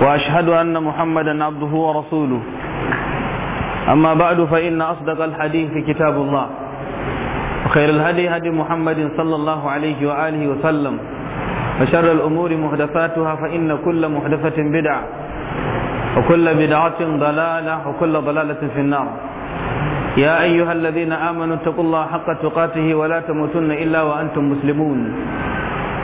وأشهد أن محمدا عبده ورسوله أما بعد فإن أصدق الحديث كتاب الله وخير الهدي هدي محمد صلى الله عليه وآله وسلم وشر الأمور محدثاتها فإن كل محدثة بدعة وكل بدعة ضلالة وكل ضلالة في النار يا أيها الذين آمنوا اتقوا الله حق تقاته ولا تموتن إلا وأنتم مسلمون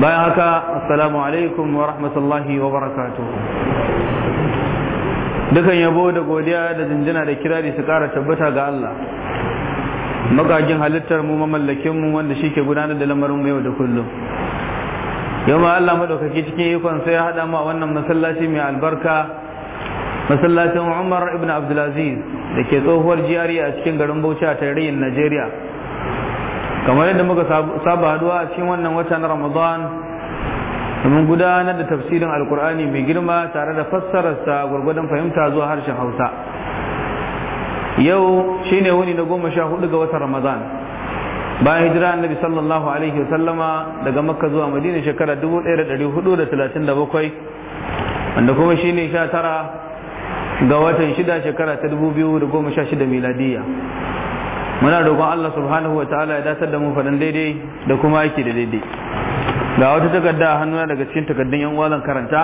bayan haka assalamu alaikum wa rahmatullahi wa barakatu dukan yabo da godiya da jinjina da kirari su kara tabbata ga Allah magajin halittar mu mamallakin mu wanda shike gudanar da lamarin mu yau da kullum yau ma Allah madaukaki cikin ikon sai ya hada mu a wannan masallaci mai albarka masallacin Umar ibn Abdul da ke tsohuwar jiyari e a cikin garin Bauchi a tarayyar Najeriya kamar yadda muka saba haduwa a cikin wannan wata na ramadan domin gudanar da tafsirin alkur'ani mai girma tare da fassararsa gwargwadon fahimta zuwa harshen hausa yau shine wuni na goma sha hudu ga watan ramadan bayan hijira annabi sallallahu alaihi wa sallama daga makka zuwa madina shekara 1437 wanda kuma shine sha tara ga watan shida shekara ta 2016 miladiya muna roƙon Allah subhanahu wa ta'ala ya datar da mu faɗin daidai da kuma aiki da daidai ga wata takarda hannuna daga cikin takardun yan walan karanta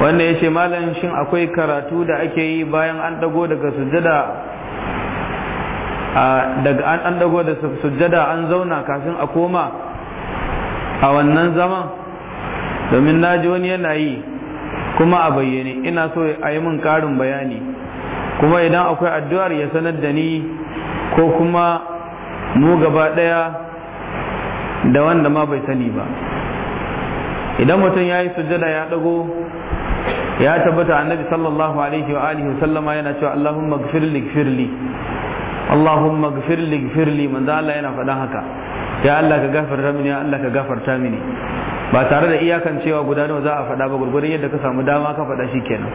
wanda ya ce malam shin akwai karatu da ake yi bayan an dago daga sujjada daga an dago da sujjada an zauna kafin a koma a wannan zaman domin na ji wani yana yi kuma a bayyane ina so a yi min karin bayani kuma idan akwai addu'ar ya sanar da ni ko kuma mu gaba ɗaya da wanda ma bai sani ba idan mutum ya yi sujjada ya ɗago ya tabbata annabi sallallahu alaihi wa alihi sallama yana cewa Allahumma gfirli gfirli Allahumma gfirli gfirli manzo Allah yana faɗan haka ya Allah ka gafarta mini ya Allah ka gafarta mini ba tare da iyakan cewa guda nawa za a faɗa ba gurgurin yadda ka samu dama ka faɗa shikenan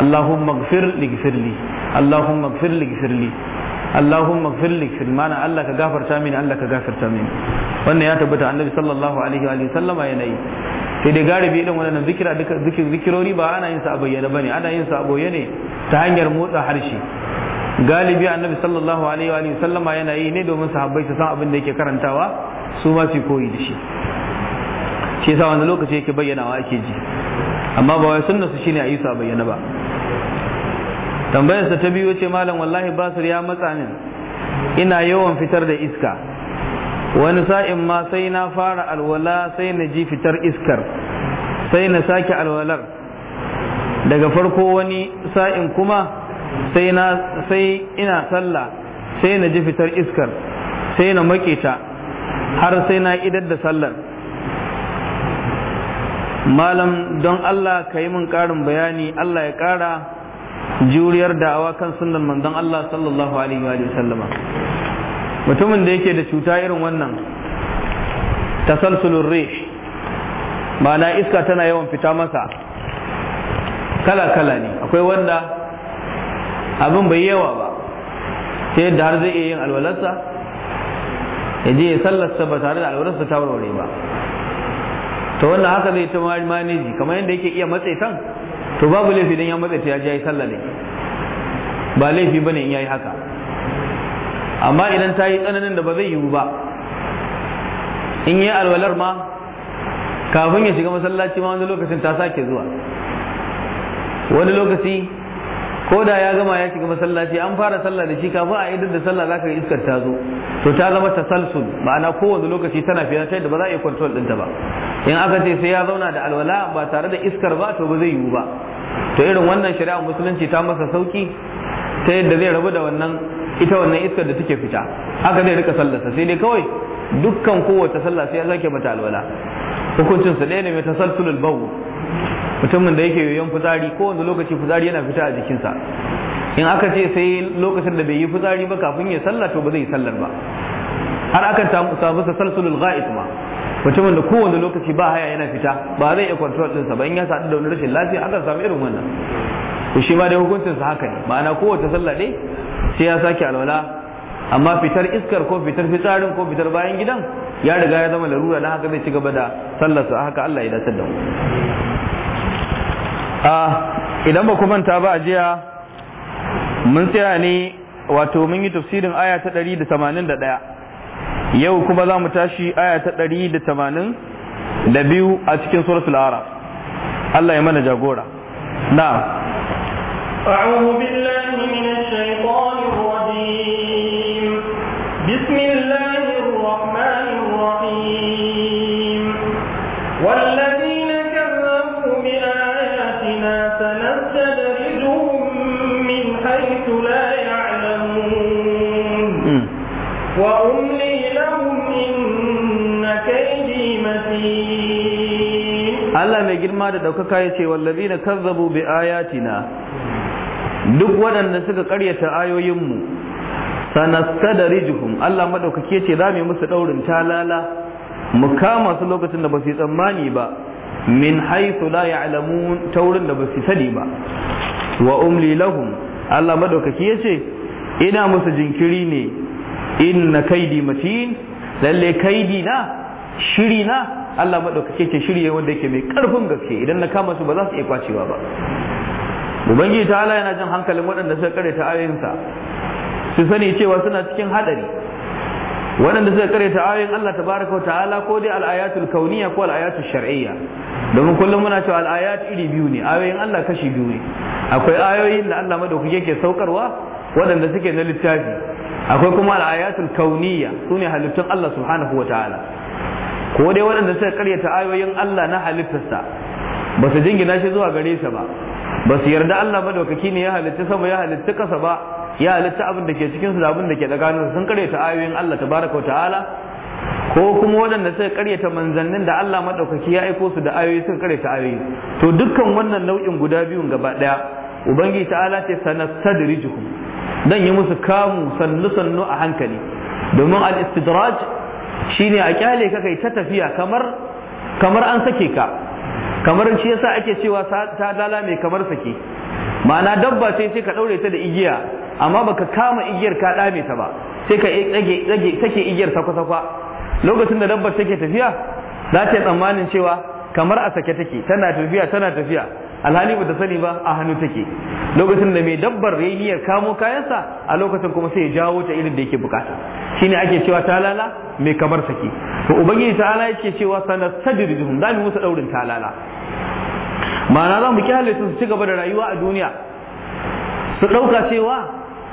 Allahumma gfir li gfirli Allahumma gfir li gfirli Allahumma firlik firmana Allah ka gafarta mini Allah ka gafarta mini wannan ya tabbata annabi sallallahu alaihi wa sallama yana yi sai dai galibi idan wannan zikira duka zikirori ba ana yin sa a bayyana bane ana yin sa a boye ta hanyar motsa harshe galibi annabi sallallahu alaihi wa sallama yana yi ne domin sahabbai su san abin da yake karantawa su ma su koyi da shi shi yasa wani lokaci yake wa ake ji amma ba wai sunna su shine a yi sa bayyana ba tambayarsa ta biyu ce malam wallahi basir ya matsa min ina yawan fitar da iska wani sa'in ma sai na fara alwala sai na ji fitar iskar sai na sake alwalar daga farko wani sa'in kuma sai na sai ina sallah sai na ji fitar iskar sai na make har sai na idar da sallar malam don Allah ka yi min ƙarin bayani Allah ya ƙara juriyar da'awa kan sunan manzon Allah sallallahu alaihi wa sallama mutumin da yake da cuta irin wannan tasalsulur rih ma'ana iska tana yawan fita masa kala kala ne akwai wanda abin bai yawa ba ta yadda har zai iya yin alwalarsa ya je ya sallarsa ba tare da alwalarsa ta warware ba to wannan haka zai ta maneji kamar yadda yake iya matse tan to babu laifi dan ya matsa ta ya yi sallah ne ba laifi ne in yayi haka amma idan ta yi tsananin da ba zai yiwu ba in yi alwalar ma kafin ya shiga masallaci ma wani lokacin ta sake zuwa wani lokaci ko da ya gama ya shiga masallaci an fara sallah da shi kafin a idar da sallah zaka ga iskar ta zo to ta zama tasalsul ma'ana kowane lokaci tana fiye ta da ba za a yi control din ta ba in aka ce sai ya zauna da alwala ba tare da iskar ba to ba zai yiwu ba to irin wannan shari'a musulunci ta masa sauki ta yadda zai rabu da wannan ita wannan iskar da take fita haka zai rika sallarsa sai dai kawai dukkan kowace sallah sai ya zake mata alwala hukuncin sa ɗaya ne mai tasalsulul bawu mutumin da yake yoyon fitsari kowane lokaci fitsari yana fita a jikinsa in aka ce sai lokacin da bai yi fitsari ba kafin ya sallah to ba zai yi sallar ba har akan samu salsulul gha'it ma mutumin da kowane lokaci ba haya yana fita ba zai iya control sa ba in ya sadu da wani rashin lafiya akan samu irin wannan to shi ma dai hukuncin sa haka ne ma'ana kowace sallah dai sai ya sake alwala amma fitar iskar ko fitar fitsarin ko fitar bayan gidan ya riga ya zama larura na haka zai ci gaba da sallarsa haka Allah ya dace da mu a ah, idan ba ku manta ba a jiya mun tsaya ne wato mun yi tafsirin aya ta 181 yau kuma za mu tashi aya ta 182 a cikin suratul araf Allah ya mana jagora na أعوذ بالله من الشيطان الرجيم بسم الله الرحمن الرحيم والذي وأملي لهم إن كيدي متين الله ما girma da ɗaukaka ya ce wallazi na kazzabu bi ayatina duk waɗanda suka ƙaryata ayoyinmu sanastadrijuhum Allah madaukake ce za mu musu daurin talala mu kama su lokacin da ba su tsammani ba min haythu la ya'lamun taurin da ba su sani ba wa umli lahum Allah madaukake ce ina musu jinkiri ne inna kaidi matin lalle kaidi na shiri na Allah madaukake ce shirye wanda yake mai karfin gaske idan na kama su ba za su iya kwacewa ba ubangiji ta yana jan hankalin waɗanda suka kare ta ayoyinsa su sani cewa suna cikin hadari waɗanda suka kare ta ayoyin Allah tabaraka ta'ala ko dai al-ayatul kauniyya ko al-ayatul shar'iyya domin kullum muna cewa al-ayat iri biyu ne ayoyin Allah kashi biyu ne akwai ayoyin da Allah madaukake ke saukarwa waɗanda suke na littafi akwai kuma al'ayatul kauniyya sune halittun Allah subhanahu ta'ala. ko dai waɗanda suka karyata ayoyin Allah na halittarsa ba su jingina shi zuwa gare sa ba ba su yarda Allah madaukaki ne ya halitta sama ya halitta kasa ba ya halitta abin da ke cikin su da abin da ke tsakanin sun karyata ayoyin Allah tabaraka ta'ala. ko kuma waɗanda suka karyata manzannin da Allah maɗaukaki ya aiko su da ayoyi suka karyata ayoyi to dukkan wannan nau'in guda biyun gaba ɗaya ubangiji ta'ala ce sanastadrijuhum dan yi musu kamu sannu sannu a hankali domin al-istidraj shine a kyale ka kai ta tafiya kamar kamar an sake ka kamar shi yasa ake cewa ta dala mai kamar sake ma'ana dabba sai sai ka daure ta da igiya amma baka kama igiyar ka dame ta ba sai ka tsage tsage take igiyar sakwa kwa. lokacin da dabbar take tafiya za ta yi tsammanin cewa kamar a sake take tana tafiya tana tafiya alhali ba ta sani ba a hannu take lokacin da mai dabbar ya niyyar kamo kayansa a lokacin kuma sai ya jawo ta irin da yake bukata shine ake cewa talala mai kamar sake to ubangiji ta'ala yake cewa sanastadrijuhum da mu musu daurin talala ma'ana za mu kyale su su ci gaba da rayuwa a duniya su ɗauka cewa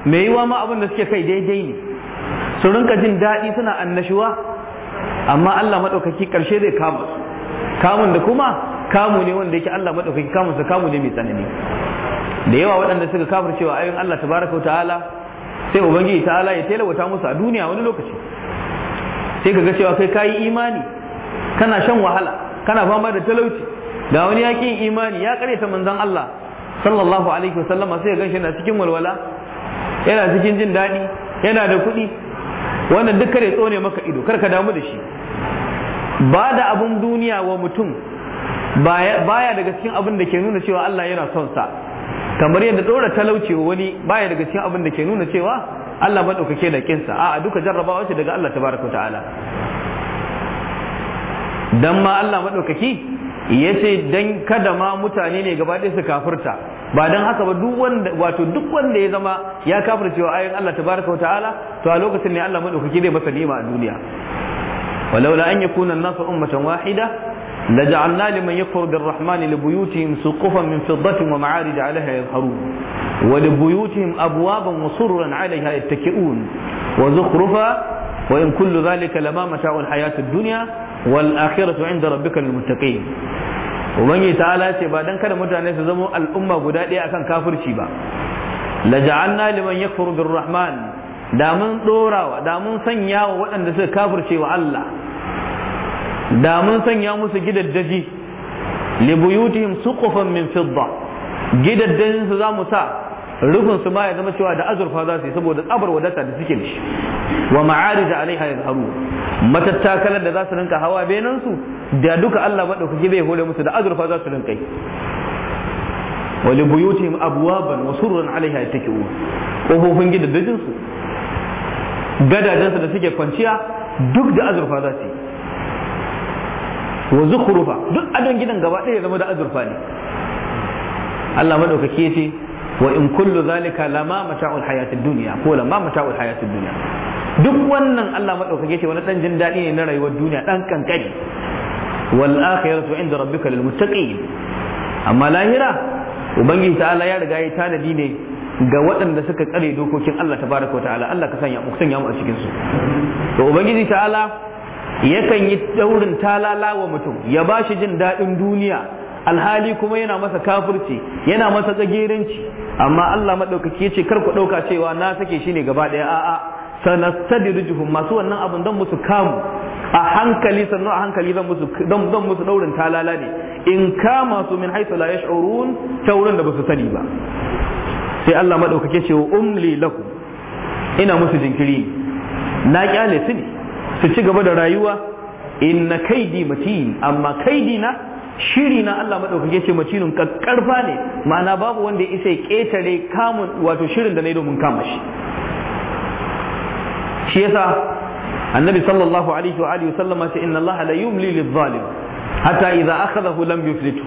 mai yiwa ma abin da suke kai daidai ne su rinka jin daɗi suna annashuwa amma Allah madaukaki karshe zai kama su kamun da kuma kamu ne wanda yake Allah madaukaki kamun sa kamu ne mai tsanani da yawa waɗanda suka kafir cewa ayoyin Allah tabaraka wa ta'ala sai ubangiji ta'ala ya wata musu a duniya wani lokaci sai ka ga cewa kai kayi imani kana shan wahala kana fama da talauci ga wani yakin imani ya ta manzon Allah sallallahu alaihi wa sallama sai ka ganshi na cikin walwala yana cikin jin daɗi yana da kuɗi wannan duk kare tsone maka ido kar ka damu da shi ba da abin duniya wa mutum baya daga cikin abin da ke nuna cewa Allah yana son sa kamar yadda dora talauci wa wani baya daga cikin abin da ke nuna cewa Allah maɗaukake da kinsa a'a duka jarrabawa ce daga Allah tabaraka ta'ala dan ma Allah ya yace dan kada ma mutane ne gaba ɗaya su kafirta ba dan haka ba duk wanda wato duk wanda ya zama ya wa ayoyin Allah tabaraka ta'ala to a lokacin ne Allah madaukaki zai masa ni'ima a duniya ولولا أن يكون الناس أمة واحدة لجعلنا لمن يكفر بالرحمن لبيوتهم سقفا من فضة ومعارج عليها يظهرون ولبيوتهم أبوابا وسررا عليها يتكئون وزخرفا وإن كل ذلك لما متاع الحياة الدنيا والآخرة عند ربك للمتقين ومن تعالى ba dan kada mutane su zama كافر guda لجعلنا لمن يكفر بالرحمن da mun dorawa da mun sanya wa waɗanda suka kafirce wa Allah da mun sanya musu gidaddaji li buyutihim suqufan min fidda gidaddajin su zamu sa rufin su ma ya zama cewa da azurfa za su yi saboda tsabar wadata da suke da shi wa ma'arija alaiha yazharu matattakalar da za su rinka hawa benan su da duka Allah madaukaki bai hore musu da azurfa za su rinka yi wa li buyutihim abwaban wa surran alaiha yattaki'un kofofin gidaddajin su gadajensa da suke kwanciya duk da azurfa za su yi wa zukhrufa duk adon gidan gaba ɗaya zama da azurfa ne Allah madaukaki ce, wa in kullu zalika la lama mata'ul hayatid dunya ko lama mata'ul hayatid dunya duk wannan Allah madaukaki ce wani dan jin daɗi ne na rayuwar duniya dan kankani wal akhiratu inda rabbika lil muttaqin amma lahira ubangiji ta'ala ya riga ya tanadi ne ga waɗanda suka tsare dokokin Allah baraka wa ta'ala Allah ka sanya mu sanya mu a cikin su to ubangiji ta'ala yakan yi daurin talala wa mutum ya ba shi jin daɗin duniya alhali kuma yana masa kafirci yana masa tsagiranci amma Allah maɗaukaki yace kar ku ɗauka cewa na sake shi ne gaba ɗaya a'a sanastadrijuhum masu wannan abun dan musu kamu a hankali sannu a hankali zan musu dan musu daurin talala ne in kama su min haythu la yash'urun ta wurin da su sani ba sai Allah madaukake ce wa umli lakum ina musu jinkiri na kyale su ne su ci gaba da rayuwa inna kaidi matin amma kaidi na shiri na Allah madaukake ce matinun kakkarfa ne ma'ana babu wanda ya isa ya ketare kamun wato shirin da na yi domin kama shi shi yasa annabi sallallahu alaihi wa alihi sallama ce inna Allah la yumli lidh-zalim hatta idza akhadhahu lam yuflithu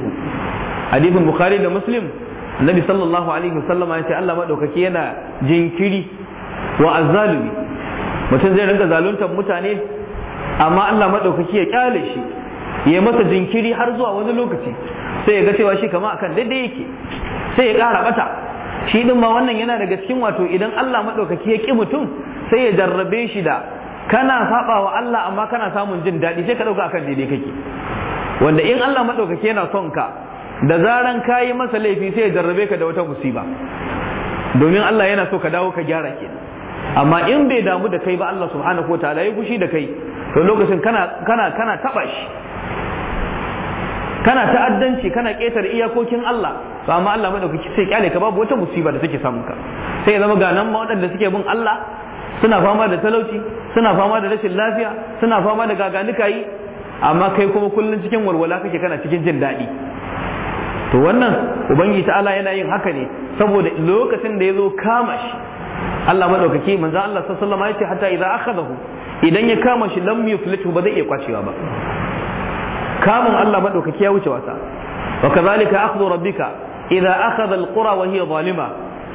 hadithun bukhari da muslim annabi sallallahu alaihi wasallam ya ce Allah madaukaki yana jinkiri wa azzalumi mutum zai rinka zaluntar mutane amma Allah madaukaki ya kyale shi ya masa jinkiri har zuwa wani lokaci sai ya ga cewa shi daidai yake sai ya bata shi din ma wannan yana daga cikin wato idan Allah madaukaki ya ki mutum sai ya jarrabe shi da kana saba wa Allah amma kana samun jin daɗi sai ka dauka akan daidai kake wanda in Allah madaukaki yana son ka da zaran ka yi masa laifi sai ya jarrabe ka da wata musiba domin Allah yana so ka dawo ka gyara ke amma in bai damu da kai ba Allah subhanahu wa ta'ala ya gushi da kai to lokacin kana kana kana taba shi kana ta'addanci kana ƙetare iyakokin Allah to amma Allah dauki sai kyale ka babu wata musiba da take samun ka sai ya zama ga nan ma waɗanda suke bin Allah suna fama da talauci suna fama da rashin lafiya suna fama da gaganuka yi amma kai kuma kullum cikin walwala kake kana cikin jin daɗi to wannan ubangiji ta'ala yana yin haka ne saboda lokacin da ya zo kama shi Allah madaukaki manzo Allah sallallahu alaihi yace hatta idza akhadahu idan ya kama shi lam yuflitu ba zai iya kwacewa ba kamun Allah madaukaki ya wuce wasa wa kadhalika akhdhu rabbika idza akhadha alqura wa hiya zalima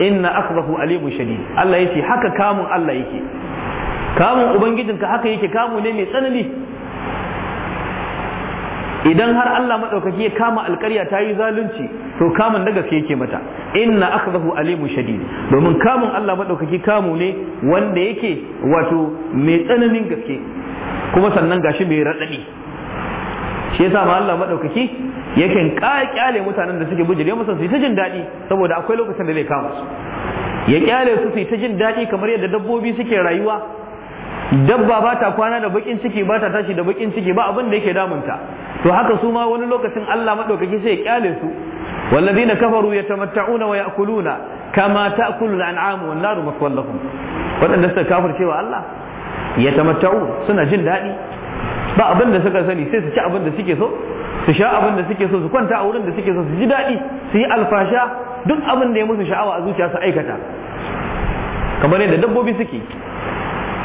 inna akhdahu alimun shadid Allah yace haka kamun Allah yake kamun ubangijinka haka yake kamu ne mai tsanani idan har Allah madaukaki ya kama alƙarya ta yi zalunci to kamun daga gaske yake mata inna akhdahu alimu shadid domin kamun Allah madaukaki kamu ne wanda yake wato mai tsananin gaske kuma sannan gashi mai radadi shi yasa ma Allah madaukaki yakan kyale mutanen da suke bujire musu su ta jin daɗi saboda akwai lokacin da zai kama su ya ƙyale su su ta jin daɗi kamar yadda dabbobi suke rayuwa dabba ba ta kwana da bakin ciki ba ta tashi da bakin ciki ba abin da yake damunta to haka su ma wani lokacin Allah madaukaki sai ya kyale su kafaru ya والذين كفروا يتمتعون ويأكلون كما تأكل الأنعام والنار مثوى لهم waɗanda suka kafir cewa Allah ya tamatta'u suna jin daɗi ba abin da suka sani sai su ci abin da suke so su sha abin da suke so su kwanta a wurin da suke so su ji daɗi su yi alfasha duk abin da ya musu sha'awa a zuciya su aikata kamar yadda dabbobi suke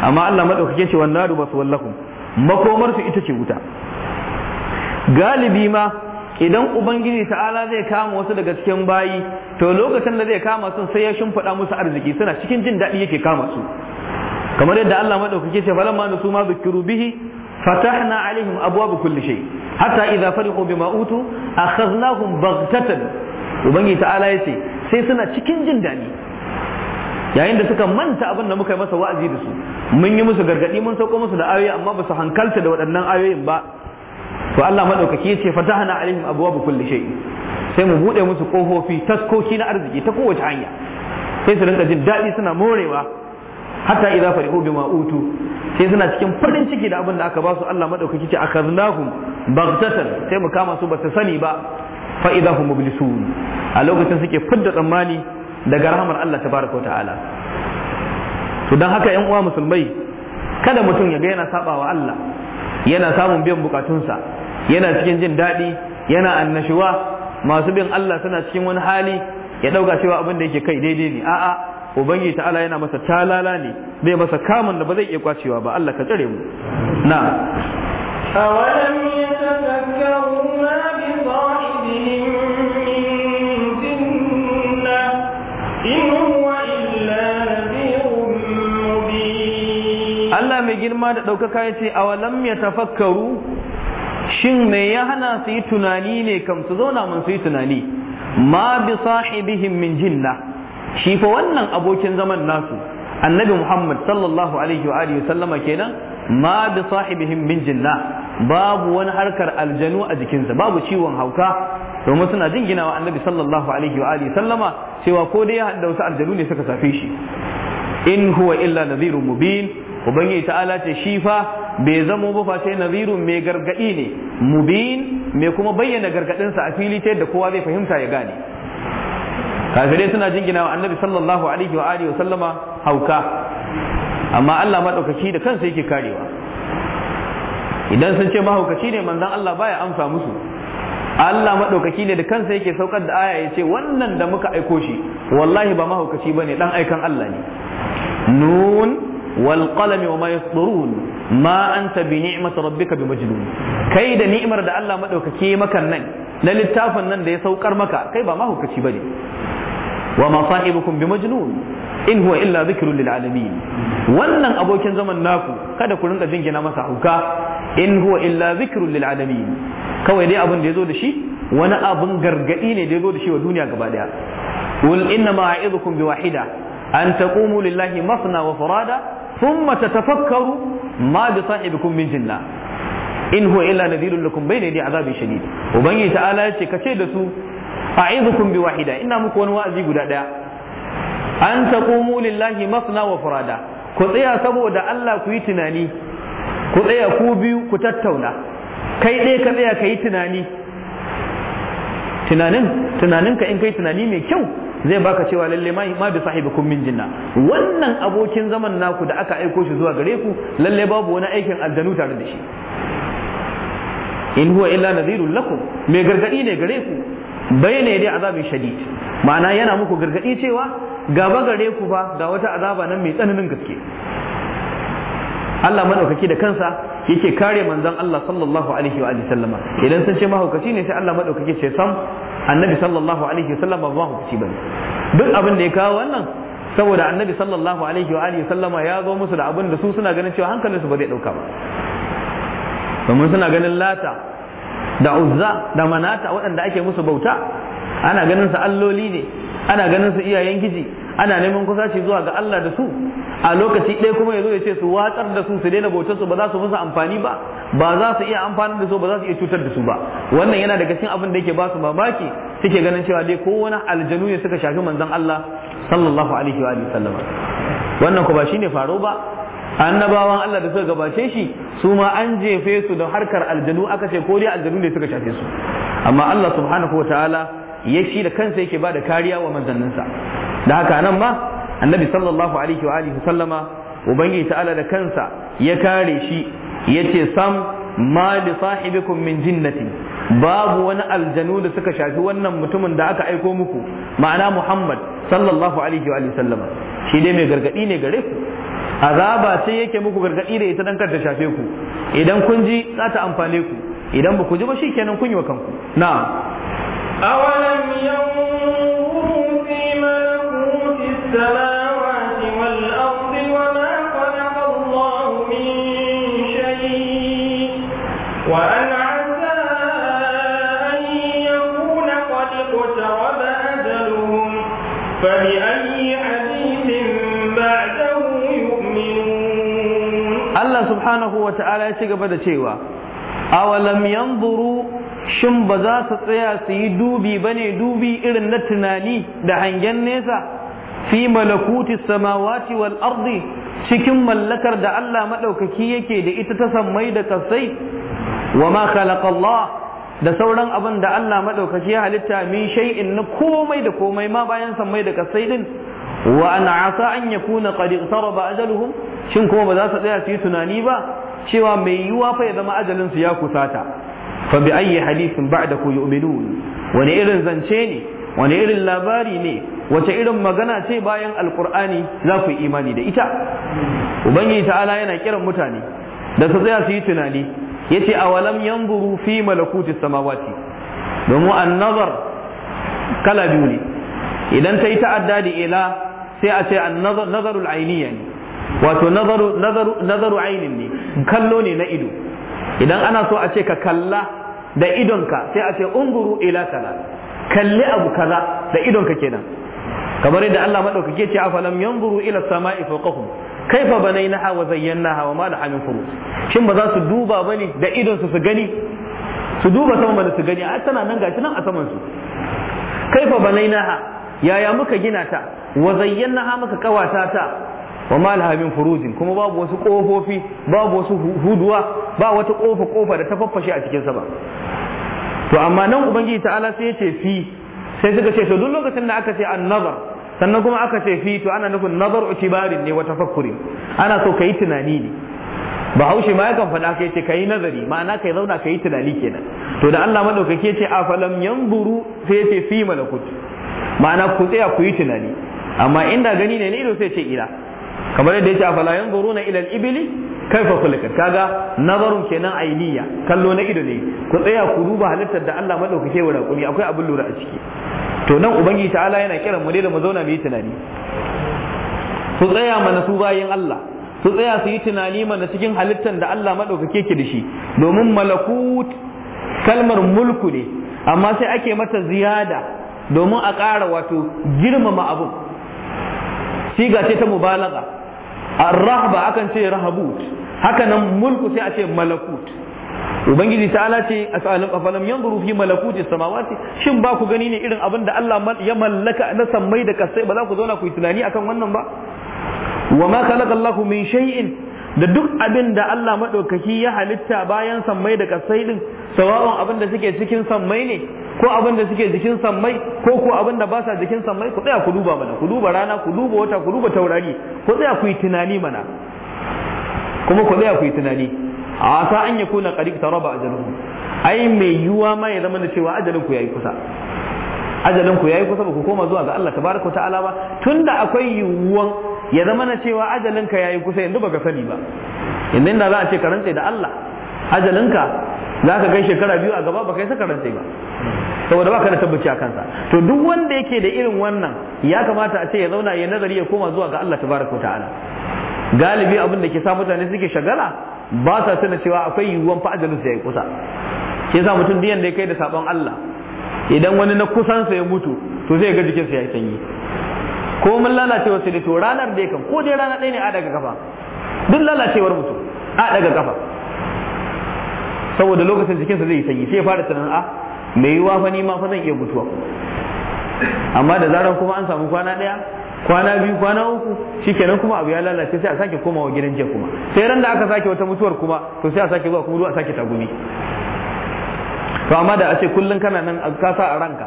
amma Allah madaukake ce wannan ruba su wallakum makomarsu ita ce wuta galibi ma idan ubangiji ta'ala zai kama wasu daga cikin bayi to lokacin da zai kama sun sai ya shimfiɗa musu arziki suna cikin jin daɗi yake kama su kamar yadda Allah madaukake ce falamma nasu ma bikiru bihi فتحنا عليهم أبواب كل شيء utu, إذا فرحوا بما أوتوا Ubangiji ta'ala yace sai suna cikin jin daɗi. yayin da suka manta abin da muka yi masa wa'azi da su mun yi musu gargadi mun sauko musu da ayoyi amma ba su hankalta da waɗannan ayoyin ba to Allah madaukaki yace fatahna alaihim abwaaba kulli shay sai mu bude musu kofofi taskoki na arziki ta kowace hanya sai su rinka jin daɗi suna morewa hatta idza farihu bima utu sai suna cikin farin ciki da abin da aka ba su Allah madaukaki ce akhadnahum baghtatan sai mu kama su ba su sani ba fa idza mublisun a lokacin suke fidda tsammani daga rahmar Allah tabaraka ta'ala to dan haka yan uwa musulmai kada mutum ya ga yana sabawa Allah yana samun biyan bukatunsa yana cikin jin daɗi yana annashuwa masu bin Allah suna cikin wani hali ya ɗauka cewa abin da yake kai daidai ne a'a ubangi ta'ala yana masa talala ne zai masa kamun da ba zai iya kwacewa ba Allah ka tsare mu na awalam yatafakkaru ma bi sahibihim mai girma da ɗaukaka ya ce awalam ya tafakkaru shin me ya hana su yi tunani ne kam su zauna mun su yi tunani ma bi sahibihim min jinna shi fa wannan abokin zaman nasu annabi muhammad sallallahu alaihi wa alihi sallama kenan ma bi sahibihim min jinna babu wani harkar aljanu a jikinsa babu ciwon hauka domin suna jinginawa annabi sallallahu alaihi wa alihi sallama cewa ko dai ya wasu aljanu ne suka safe shi in huwa illa nadhirun mubin ubangiji ta'ala ce shi fa bai zama ba fa sai nazirun mai gargadi ne mubin mai kuma bayyana sa a fili ta yadda kowa zai fahimta ya gane kafirai suna jingina wa annabi sallallahu alaihi wa alihi wa sallama hauka amma Allah madaukaki da kansa yake karewa idan sun ce mahaukaci ne manzon Allah baya amsa musu Allah maɗaukaki ne da kansa yake saukar da aya ya ce wannan da muka aiko shi wallahi ba mahaukaci bane ne ɗan aikan Allah ne nun wal qalami wa ma yasturun ma anta bi ni'mati rabbika bi majnun kai da ni'imar da Allah madaukake maka nan na littafin nan da ya saukar maka kai ba mahaukaci bane wa ma sahibukum bi majnun in huwa illa dhikrun lil wannan abokin zaman naku kada ku rinka jingina masa hauka in huwa illa dhikrun lil kawai dai abin da yazo da shi wani abin gargadi ne da yazo da shi wa duniya gaba daya qul inna ma a'idukum bi an taqumu lillahi masna wa farada thumma tatafakkaru ma bi sahibikum min jinna in ne illa nadhirun lakum bayna yadi azabin shadid ubangi ta'ala yace kace da su a'idukum bi wahida ina muku wani wa'azi guda ɗaya? an taqumu lillahi masna wa furada ku tsaya saboda Allah ku yi tunani ku tsaya ku biyu ku tattauna kai ɗaya ka tsaya ka yi tunanin tunaninka in kai tunani mai kyau zai baka cewa lalle ma bi sahibikum min jinna wannan abokin zaman naku da aka aiko shi zuwa gare ku lalle babu wani aikin aljanu tare da shi in huwa illa nadhirul lakum mai gargadi ne gare ku bayyana dai azabin shadid ma'ana yana muku gargadi cewa gaba gare ku ba ga wata azaba nan mai tsananin gaske Allah madaukaki da kansa yake kare manzon Allah sallallahu alaihi wa sallama idan sun ce mahaukaci ne sai Allah madaukaki ce sam annabi sallallahu alaihi wa sallama ba mahaukaci bane duk abin da ya kawo wannan saboda annabi sallallahu alaihi wa sallama ya zo musu da abin da su suna ganin cewa hankalinsu ba zai dauka ba domin suna ganin lata da uzza da manata waɗanda ake musu bauta ana ganin su alloli ne ana ganin su iyayen giji ana neman kusaci zuwa ga Allah da su a lokaci ɗaya kuma ya zo ya ce su watsar da su su daina bautar su ba za su musu amfani ba ba za su iya amfani da su ba za su iya cutar da su ba wannan yana daga cikin abin da yake ba su mamaki suke ganin cewa dai ko wani aljanu ne suka shafi manzon Allah sallallahu alaihi wa alihi sallama wannan ku ba shine faro ba annabawan Allah da suka gabace shi su ma an jefe su da harkar aljanu aka ce ko dai aljanu ne suka shafe su amma Allah subhanahu wa ta'ala ya shi da kansa yake ba da kariya wa manzanninsa da haka nan ma annabi sallallahu alaihi wa alihi sallama ubangiji ta'ala da kansa ya kare shi yace sam ma li sahibikum min jinnati babu wani aljanu da suka shafi wannan mutumin da aka aiko muku ma'ana muhammad sallallahu alaihi wa alihi sallama shi dai mai gargadi ne gare ku azaba ce yake muku gargadi da ita dan kar ta shafe ku idan kun ji za ta amfane ku idan ba ku ji ba shikenan kun yi wa kanku na'am أولم ينظروا في ملكوت السماوات والأرض وما خلق الله من شيء وأن عسى أن يكون قد اقترب أجلهم فبأي حديث بعده يؤمنون الله سبحانه وتعالى يتقبل تشيوا أولم ينظروا shin ba za su tsaya su yi dubi ba ne dubi irin na tunani da hangen nesa fi malakuti samawati wal ardi cikin mallakar da Allah maɗaukaki yake da ita ta sammai da kasai wa ma khalaqa da sauran abin da Allah maɗaukaki ya halitta min shay'in na komai da komai ma bayan sammai da kasai din wa an asa an yakuna qad iqtaraba ajaluhum shin kuma ba za su tsaya su yi tunani ba cewa mai yiwuwa fa ya zama ajalin su ya kusata fa bi ayyi hadithin ba'dahu yu'minun wani irin zance ne wani irin labari ne wace irin magana ce bayan alqur'ani za ku yi imani da ita ubangiji ta'ala yana kiran mutane da su tsaya su yi tunani yace awalam yanzuru fi malakuti samawati domin annazar kala biyu ne idan ta yi ta'adda da ila sai a ce nazarul ainiya ne wato nazaru aini ne kallo ne na ido idan ana so a ce ka kalla da idonka sai a ce unguru ila kaza kalli abu kaza da idonka kenan kamar yadda Allah madaukake ce afalam yanzuru ila sama'i fawqahum kaifa banaynaha wa zayyanaha wa ma laha min furuj shin ba za su duba bane da idon su su gani su duba sama da su gani a tana nan gashi nan a saman su kaifa banaynaha yaya muka gina ta wa zayyanaha muka kawata ta wa ma laha min furujin kuma babu wasu kofofi babu wasu huduwa ba wata kofa kofa da ta faffashe a cikin ba to amma nan ubangiji ta'ala sai ya ce ce to duk lokacin da aka ce a nazar sannan kuma aka ce fi to ana nufin nazar utibarin ne wata tafakkuri ana so kayi tunani ne bahaushe ma yakan faɗa kai ce yi nazari ma'ana kai zauna kayi tunani kenan to da Allah madaukake ce afalam buru sai ya ce fi malakut ma'ana ku tsaya ku yi tunani amma inda gani ne ne ido sai ce ila kamar yadda yake afala na ila al-ibli kaifa khuliqat kaga nazarun kenan ainiya kallo na ido ne ku tsaya ku duba halittar da Allah madaukake wa raƙumi akwai abin lura a ciki to nan ubangiji ta'ala yana kiran mu da mu zauna mu yi tunani su tsaya mana su bayin Allah su tsaya su yi tunani mana cikin halittar da Allah madaukake ke da shi domin malakut kalmar mulku ne amma sai ake mata ziyada domin a ƙara wato girmama abu siga ce ta mubalaga ar-rahba akan ce rahabut hakanan nan mulku sai a ce malakut ubangiji ta'ala ce asalam afalam yanzuru fi malakuti samawati shin ba ku gani ne irin abin da Allah ya mallaka na sammai da kasai ba za ku zauna kuyi tunani akan wannan ba wa ma khalaqa Allahu min shay'in da duk abin da Allah maɗaukaki ya halitta bayan sammai da kasai din sawawan abin da suke cikin sammai ne ko abin da suke jikin sammai ko ko abin da ba sa jikin sammai ku tsaya ku duba mana ku duba rana ku duba wata ku duba taurari ku tsaya ku yi tunani mana kuma ku tsaya ku yi tunani a sa an ya kuna ƙari ta raba ajalinku ai mai yiwuwa ma ya zama da cewa ajalinku ya yi kusa ajalinku ya yi kusa ba ku koma zuwa ga Allah tabaraka ta'ala ba tunda akwai yiwuwan ya zama na cewa ajalinka ya yi kusa yanzu baka sani ba inda da za a ce karanta da Allah ajalinka za ka kai shekara biyu a gaba baka yi sa karanta ba saboda baka da tabbaci a kansa to duk wanda yake da irin wannan ya kamata a ce ya zauna ya nazari ya koma zuwa ga Allah tabaraka ta'ala galibi abin da ke sa mutane suke shagala ba sa tana cewa akwai yiwuwan fa ajalin sa yayi kusa shi yasa mutum duk yanda ya kai da sabon Allah idan wani na kusansa ya mutu to zai ga jikinsa ya yi sanyi ko mun lalacewa sai to ranar da kan ko dai rana ɗaya ne a daga kafa duk lalacewar mutum a daga kafa saboda lokacin jikinsa zai yi sanyi sai ya fara tunanin a ah, me yi fa ni ma fa zan iya mutuwa amma da zarar kuma an samu kwana ɗaya kwana biyu kwana uku shikenan kuma abu ya lalace sai a sake komawa gidan jiya kuma sai ran da aka sake wata mutuwar kuma to sai a sake zuwa kuma zuwa a sake tagumi to amma da a ce kullum kana nan ka sa a ranka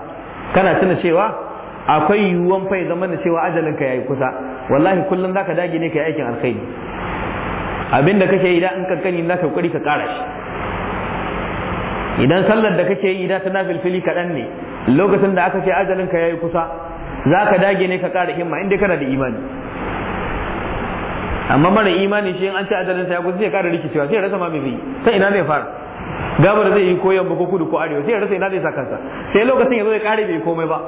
kana tuna cewa akwai yiwuwan fai zama da cewa ajalin ka yayi kusa wallahi kullum zaka dage ne ka yi aikin alkhairi abinda kake yi da in kankani ka kuri ka kara shi idan sallar da kake yi da ta nafilfili kaɗan ne lokacin da aka ce ajalin ka yayi kusa za ka dage ne ka ƙara himma inda kana da imani amma mara imani shi in an ce ajalin sa ya kusa sai ƙara rikicewa sai rasa ma me zai Sai ina zai fara gabar zai yi koyon ba ko kudu ko arewa sai rasa ina zai sa kansa sai lokacin ya zo ya kare bai komai ba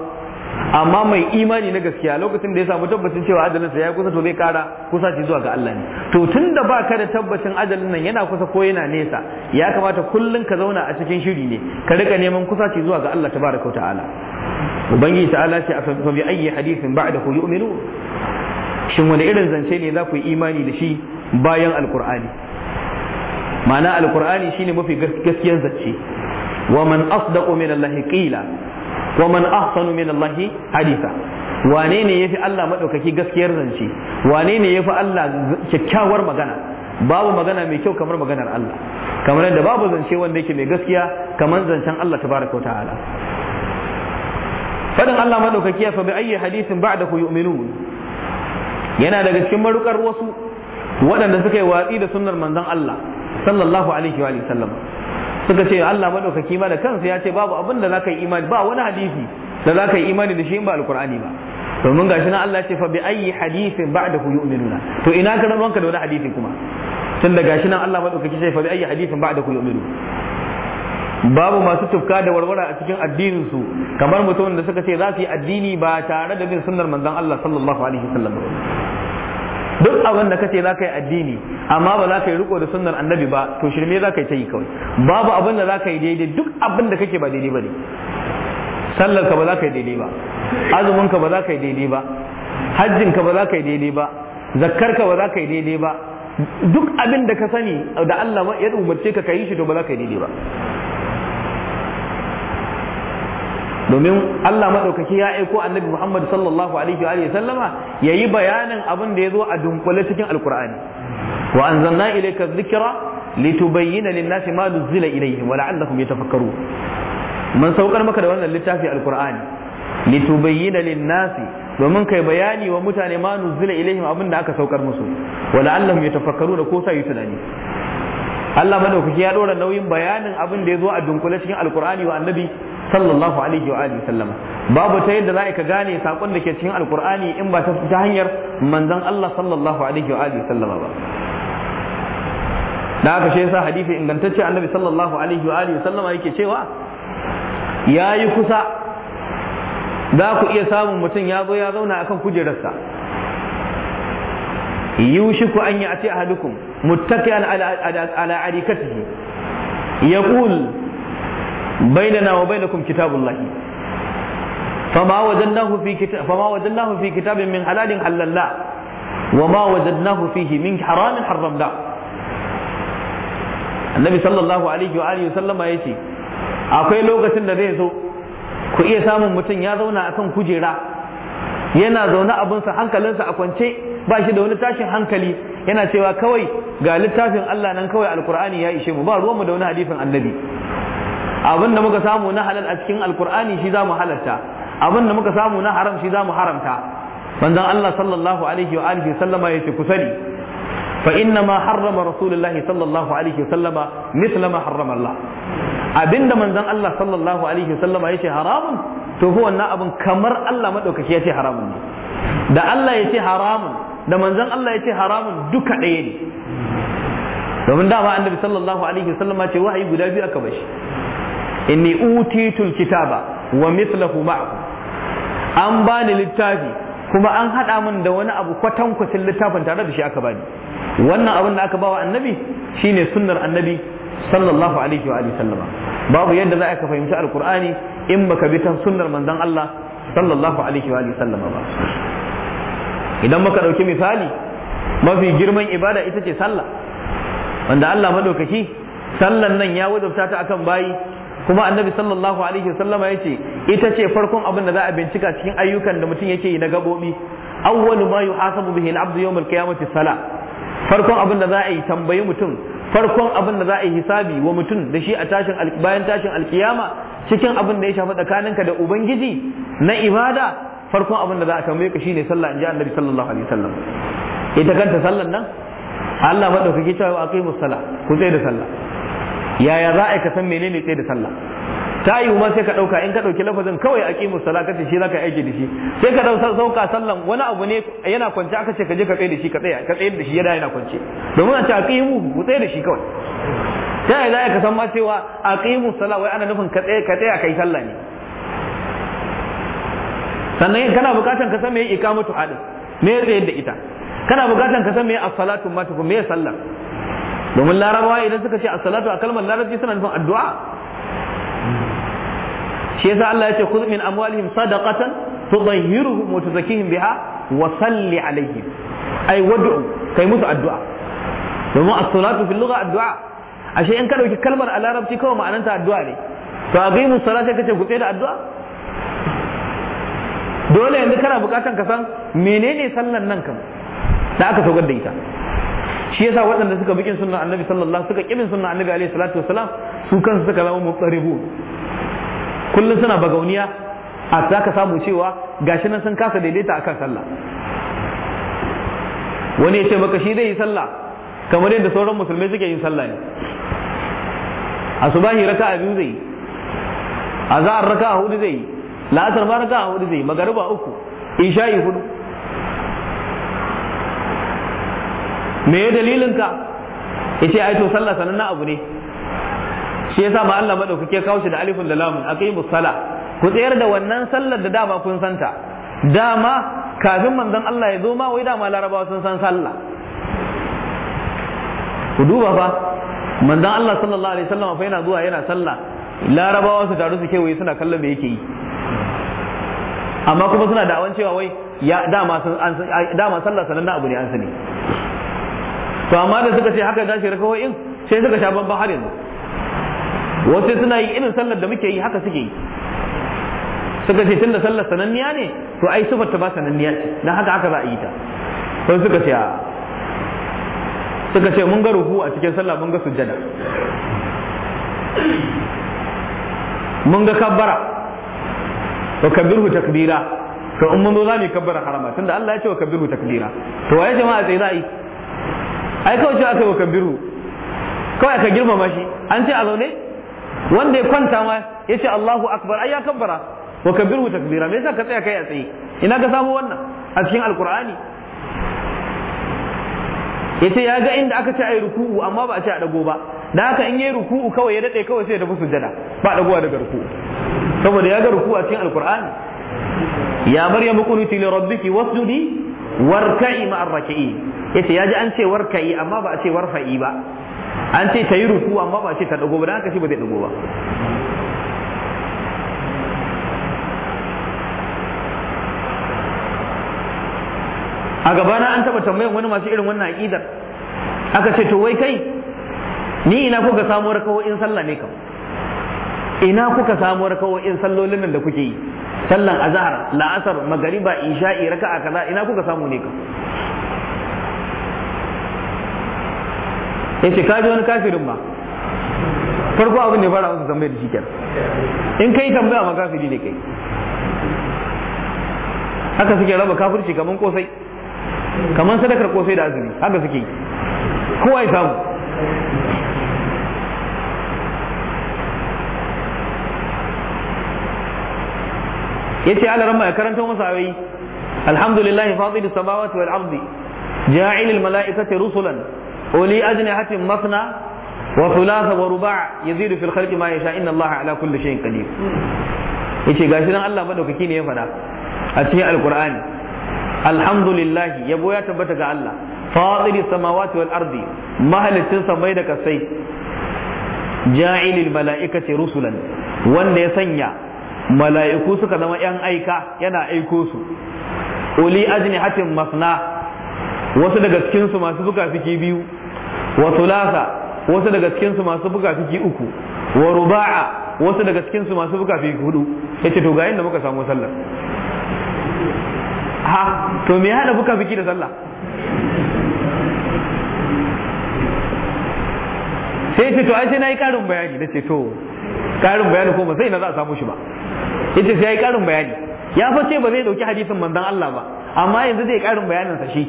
amma mai imani na gaskiya lokacin da ya samu tabbacin cewa sa ya kusa to zai kara kusa ce zuwa ga Allah ne to tunda da ba ka da tabbacin ajalin nan yana kusa ko yana nesa ya kamata kullun ka zauna a cikin shiri ne ka rika neman kusa ce zuwa ga Allah tabaraka wa ta'ala ubangi ta'ala ce a fa bi ayyi hadithin ba'dahu yu'minu shin wani irin zance ne za ku yi imani da shi bayan alqur'ani ma'ana alqur'ani shine mafi gaskiyar zance wa man asdaqu min allahi qila wa man ahsanu min Allah haditha wane ne yafi Allah madaukaki gaskiyar zance wane ne yafi Allah kyakkyawar magana babu magana mai kyau kamar maganar Allah kamar yadda babu zance wanda yake mai gaskiya kamar zancen Allah tabaraka wa ta'ala fadin Allah maɗaukaki madaukaki fa bi ayyi hadithin ba'dahu yu'minun yana daga cikin marukar wasu waɗanda suka yi watsi da sunnar manzon Allah sallallahu alaihi wa sallam suka ce Allah madaukaki ma da kansa ya ce babu abin da zaka yi imani ba wani hadisi da zaka yi imani da shi ba al'kur'ani ba domin gashi nan Allah ya ce fa bi ayyi hadithin ba'dahu yu'minuna to ina ka rabuwan ka da wani hadisi kuma tun da gashi nan Allah madaukaki ce fa bi ayyi hadithin ba'dahu yu'minu babu masu tufka da warwara a cikin addinin su kamar mutumin da suka ce za su yi addini ba tare da bin sunnar manzon Allah sallallahu alaihi wasallam duk abin da kace za ka yi addini amma ba za ka yi riko da sunnar annabi ba to shirme za ka yi ta yi kawai babu abin da za ka yi daidai duk abin da kake ba daidai ba ne sallar ka ba za ka yi daidai ba azumin ka ba za ka yi daidai ba hajjin ka ba za ka yi daidai ba zakkar ka ba za ka yi daidai ba duk abin da ka sani da Allah ya umarce ka ka yi shi to ba za ka yi daidai ba domin Allah madaukaki ya aiko annabi Muhammad sallallahu alaihi wa sallama ya yi bayanin abin da ya yazo a dunkule cikin alqur'ani wa anzalna ilayka dhikra litubayyana lin-nasi ma nuzila ilayhim wa la'allahum yatafakkarun mun saukar maka da wannan littafi alqur'ani litubayyana lin-nasi domin kai bayani wa mutane ma nuzila ilaihim abin da aka saukar musu wa la'allahum yatafakkaruna ko sa yi tunani Allah madaukaki ya dora nauyin bayanin abin da ya zo a dunkule cikin alkur'ani wa annabi sallallahu alaihi wa alihi sallama babu ta yadda za ka gane sakon da ke cikin alkur'ani in ba ta hanyar manzon Allah sallallahu alaihi wa alihi sallama ba da haka shi yasa hadisi ingantacce annabi sallallahu alaihi wa alihi sallama yake cewa yayi kusa za ku iya samun mutum ya zo ya zauna akan kujerarsa yushiku an a ya'ti ahadukum muttaki'an ala arikatihi yaqul بيننا وبينكم كتاب الله فما وجدناه في كتاب فما وجدناه في كتاب من حلال حللناه وما وجدناه فيه من حرام حرمناه النبي صلى الله عليه وآله وسلم يأتي akwai lokacin da zai zo ku iya samun mutum ya zauna a kan kujera yana zaune abinsa hankalinsa a kwance ba shi da wani tashin hankali yana cewa kawai ga littafin Allah nan kawai alkur'ani ya ishe mu ba ruwanmu da wani hadisin annabi abin da muka samu na halal a cikin alkur'ani shi za mu halarta abin da muka samu na haram shi za mu haramta manzon Allah sallallahu alaihi wa alihi sallama ya ce ku sani fa inna ma harrama rasulullah sallallahu alaihi wa sallama mithla ma harrama Allah abinda manzan Allah sallallahu alaihi wa sallama ce haramun to huwa wannan abin kamar Allah ya ce haramun ne da Allah yace haramun da manzon Allah yace haramun duka ɗaya ne domin dama annabi sallallahu alaihi wa sallama ce wahayi guda biyu aka bashi inni utitul kitaba wa mithlahu maku an bani littafi kuma an hada min da wani abu kwatankwacin littafin tare da shi aka bani wannan abin da aka bawa annabi shine sunnar annabi sallallahu alaihi wa alihi sallama babu yadda za ka fahimci alqur'ani in baka bi ta sunnar manzon Allah sallallahu alaihi wa alihi sallama ba idan muka dauki misali mafi girman ibada ita ce sallah wanda Allah madaukaki sallan nan ya wajabta ta akan bayi kuma annabi sallallahu alaihi wasallama ce ita ce farkon abin da za a bincika cikin ayyukan da mutum yake yi na gabobi awwalu ma yuhasabu bihi al-abdu yawm al-qiyamati salah farkon abin da za a yi tambayi mutum farkon abin da za a yi hisabi wa mutum da shi a tashin bayan tashin alkiyama cikin abin da ya shafi tsakaninka da ubangiji na ibada farkon abin da za a tambaye ka shine sallah inji annabi sallallahu alaihi wasallam ita kanta sallan nan Allah madaukaki cewa aqimus sala ku tsaye da sallah yaya za a ka san menene tsaye da sallah ta yi ma sai ka ɗauka in ka ɗauki lafazin kawai a ƙimus sala shi za ka aiki da shi sai ka ɗauka sauka sallan wani abu ne yana kwance aka ce ka je ka tsaye da shi ka tsaye ka tsaye da shi yana yana kwance domin a ce a ƙimu ku tsaye da shi kawai ta yi za ka san ma cewa a ƙimus sala wai ana nufin ka tsaye ka tsaye a kai sallah ne sannan kana buƙatar ka san me ikamatu hadin me tsaye da ita kana buƙatar ka san me as-salatu ma me sallah domin larabawa idan suka ce a salatu a kalmar larabci suna nufin addu'a shi yasa Allah ya ce khudh min amwalihim sadaqatan tudahhiruhum wa tuzakkihim biha wa salli alaihim ai wad'u kai musu addu'a domin a salatu fil lugha addu'a ashe in ka dauki kalmar a larabci kawai ma'ananta addu'a ne to aqimu salata kace gutse da addu'a dole yanzu kana bukatan ka san menene sallan nan kam da aka saukar da ita shi yasa waɗanda suka bikin sunna annabi sallallahu suka kibin sunna annabi alaihi salatu wasalam su kansu suka zama mutsaribu kullum suna bagauniya a ka samu cewa gashi nan sun kasa daidaita akan sallah wani ya ce maka shi zai yi sallah kamar yadda sauran musulmai suke yin sallah ne A asubahi raka'a biyu zai yi azhar raka'a hudu zai yi la'asar ma raka'a hudu zai yi magariba uku isha'i hudu me ya dalilin ka ce ai to sallah sanan abu ne shi yasa ba Allah ke kawo shi da alifun da lamun aqimus sala ku tsayar da wannan sallar da dama kun santa dama kafin manzon Allah ya zo ma wai dama larabawa sun san sallah ku duba fa manzon Allah sallallahu alaihi wasallam fa yana zuwa yana sallah larabawa su taru su wai suna kallon me yake yi amma kuma suna da'awan cewa wai ya dama dama sallah sanan abu ne an sani to amma da suka ce haka gashi in sai suka sha bamban har yanzu wasu suna yi irin sallar da muke yi haka suke yi suka ce tunda sallar sananniya ne to ai sifar ta ba sananniya ce dan haka haka za a yi ta sai suka ce suka ce mun ga ruku a cikin sallah mun ga sujjada mun ga kabbara wa kabbirhu takbira to in mun zo za mu kabbara harama tunda Allah ya ce wa kabbirhu takbira to waye jama'a sai za a yi ai kawai ce aka yi wa kabiru kawai aka girmama shi an ce a zaune wanda ya kwanta ma ya ce Allahu akbar ai ya kabbara wa kabiru takbira me yasa ka tsaya kai a tsaye ina ka samu wannan a cikin alkur'ani yace ya ga inda aka ce ai ruku'u amma ba a ce a dago ba da haka in yayi ruku'u kawai ya dade kawai sai ya tafi sujjada ba dagowa daga ruku'u saboda ya ga ruku'u a cikin alkur'ani ya maryamu qunuti li rabbiki wasjudi warka'i ma raki'i yace ya an ce warka'i amma ba a ce warfa'i ba an ce ta yi ruku amma ba a ce ta dago ba dan haka ba zai dago ba a gabana an taba tambayan wani masu irin wannan aqidar aka ce to wai kai ni ina kuka samu rakawo in sallah ne kam ina kuka samu rakawo in sallolin nan da kuke yi sallan azhar la'asar magariba isha'i raka'a kaza ina kuka samu ne ka yace ka ji wani kafirin ma farko abin da ya fara wasu tambayar shi kenan in kai tambaya ma kafiri ne kai haka suke raba kafirci kaman kosai kaman sadakar kosai da azumi haka suke kowa ya samu yace ala ramma ya karanta masa ayoyi alhamdulillahi fadil samawati wal ardi ja'il al malaikati rusulan uli ajnihatin masna wa thulatha wa ruba' yazidu fil khalqi ma yasha inna allaha ala kulli shay'in qadir yace gashi nan Allah madaukaki ne ya faɗa a cikin alqur'ani alhamdulillah yabo ya tabbata ga Allah fadili samawati wal ardi mahalicin samai da kasai ja'ilil mala'ikati rusulan wanda ya sanya mala'iku suka zama ‘yan aika yana aiko su uli ajini hatin masna wasu daga cikinsu masu buka fiki biyu wa lasa wasu daga cikinsu masu buka fiki uku wa ruba'a wasu daga cikinsu masu buka fiki hudu ya ce to ga yadda muka samu sallar ha to me hada buka fiki da sallah sai ce to ai sai na yi karin bayani na ce to karin bayani ko ba sai na za a samu shi ba yace sai ya karin bayani ya fa ce ba zai dauki hadisin manzon Allah ba amma yanzu zai karin bayanin sa shi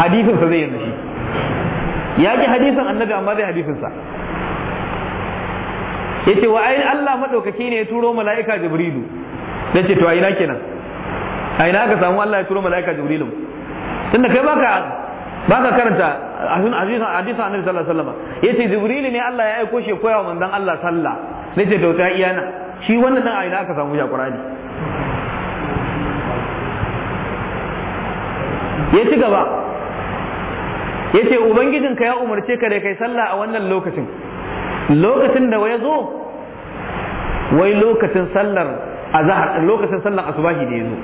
hadisin sa zai yanzu shi ya ki hadisin annabi amma zai hadisin sa yace wa ai Allah madaukaki ne ya turo mala'ika Jibrilu nace to a ina kenan a ina aka samu Allah ya turo mala'ika Jibrilu tunda kai baka baka karanta hadisin hadisin annabi sallallahu alaihi wasallam yace Jibrilu ne Allah ya aiko shi wa manzon Allah sallah nace to ta iyana shi wannan dan ayi da aka samu shi qur'ani ya ci gaba ya ce ubangijinka ya umarce ka da kai sallah a wannan lokacin lokacin da ya zo wai lokacin sallar azhar lokacin sallar asubahi da ya zo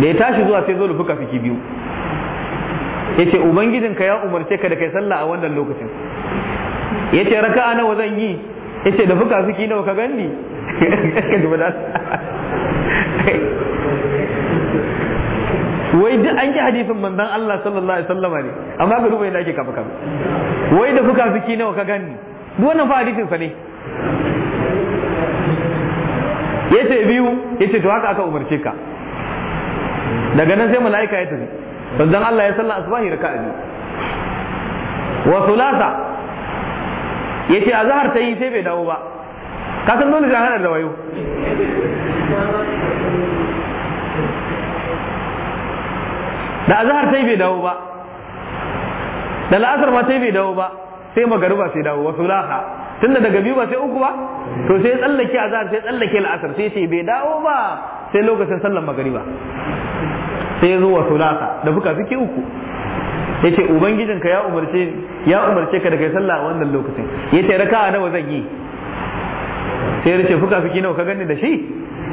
da ya tashi zuwa sai zo lufuka fiki biyu ya ce ubangijinka ya umarce ka da kai sallah a wannan lokacin ya ce raka'a nawa zan yi ce da fuka suke nawa ka ganni wai duk an ki hadisin manzon Allah sallallahu alaihi wasallama ne amma ka duba yadda ake kafa kafa wai da fuka suke nawa ka ganni duk wannan fa hadisin sa ne yace biyu yace to haka aka umarce ka daga nan sai mala'ika ya tafi manzon Allah ya sallar asbahi raka'a biyu wa thulatha yace zahar ta yi sai bai dawo ba ka san dole zan da wayo da zahar ta yi bai dawo ba da la'asar ma ta yi bai dawo ba sai magariba sai dawo wasu laha tunda daga biyu ba sai uku ba to sai tsallake zahar sai tsallake la'asar sai ce bai dawo ba sai lokacin sallan magariba sai zuwa wasu laha da buka suke uku yace ubangijinka ya umarce ya umarce ka da kai sallah a wannan lokacin yace raka'a nawa zan yi sai yace fuka fiki nawa ka ganni da shi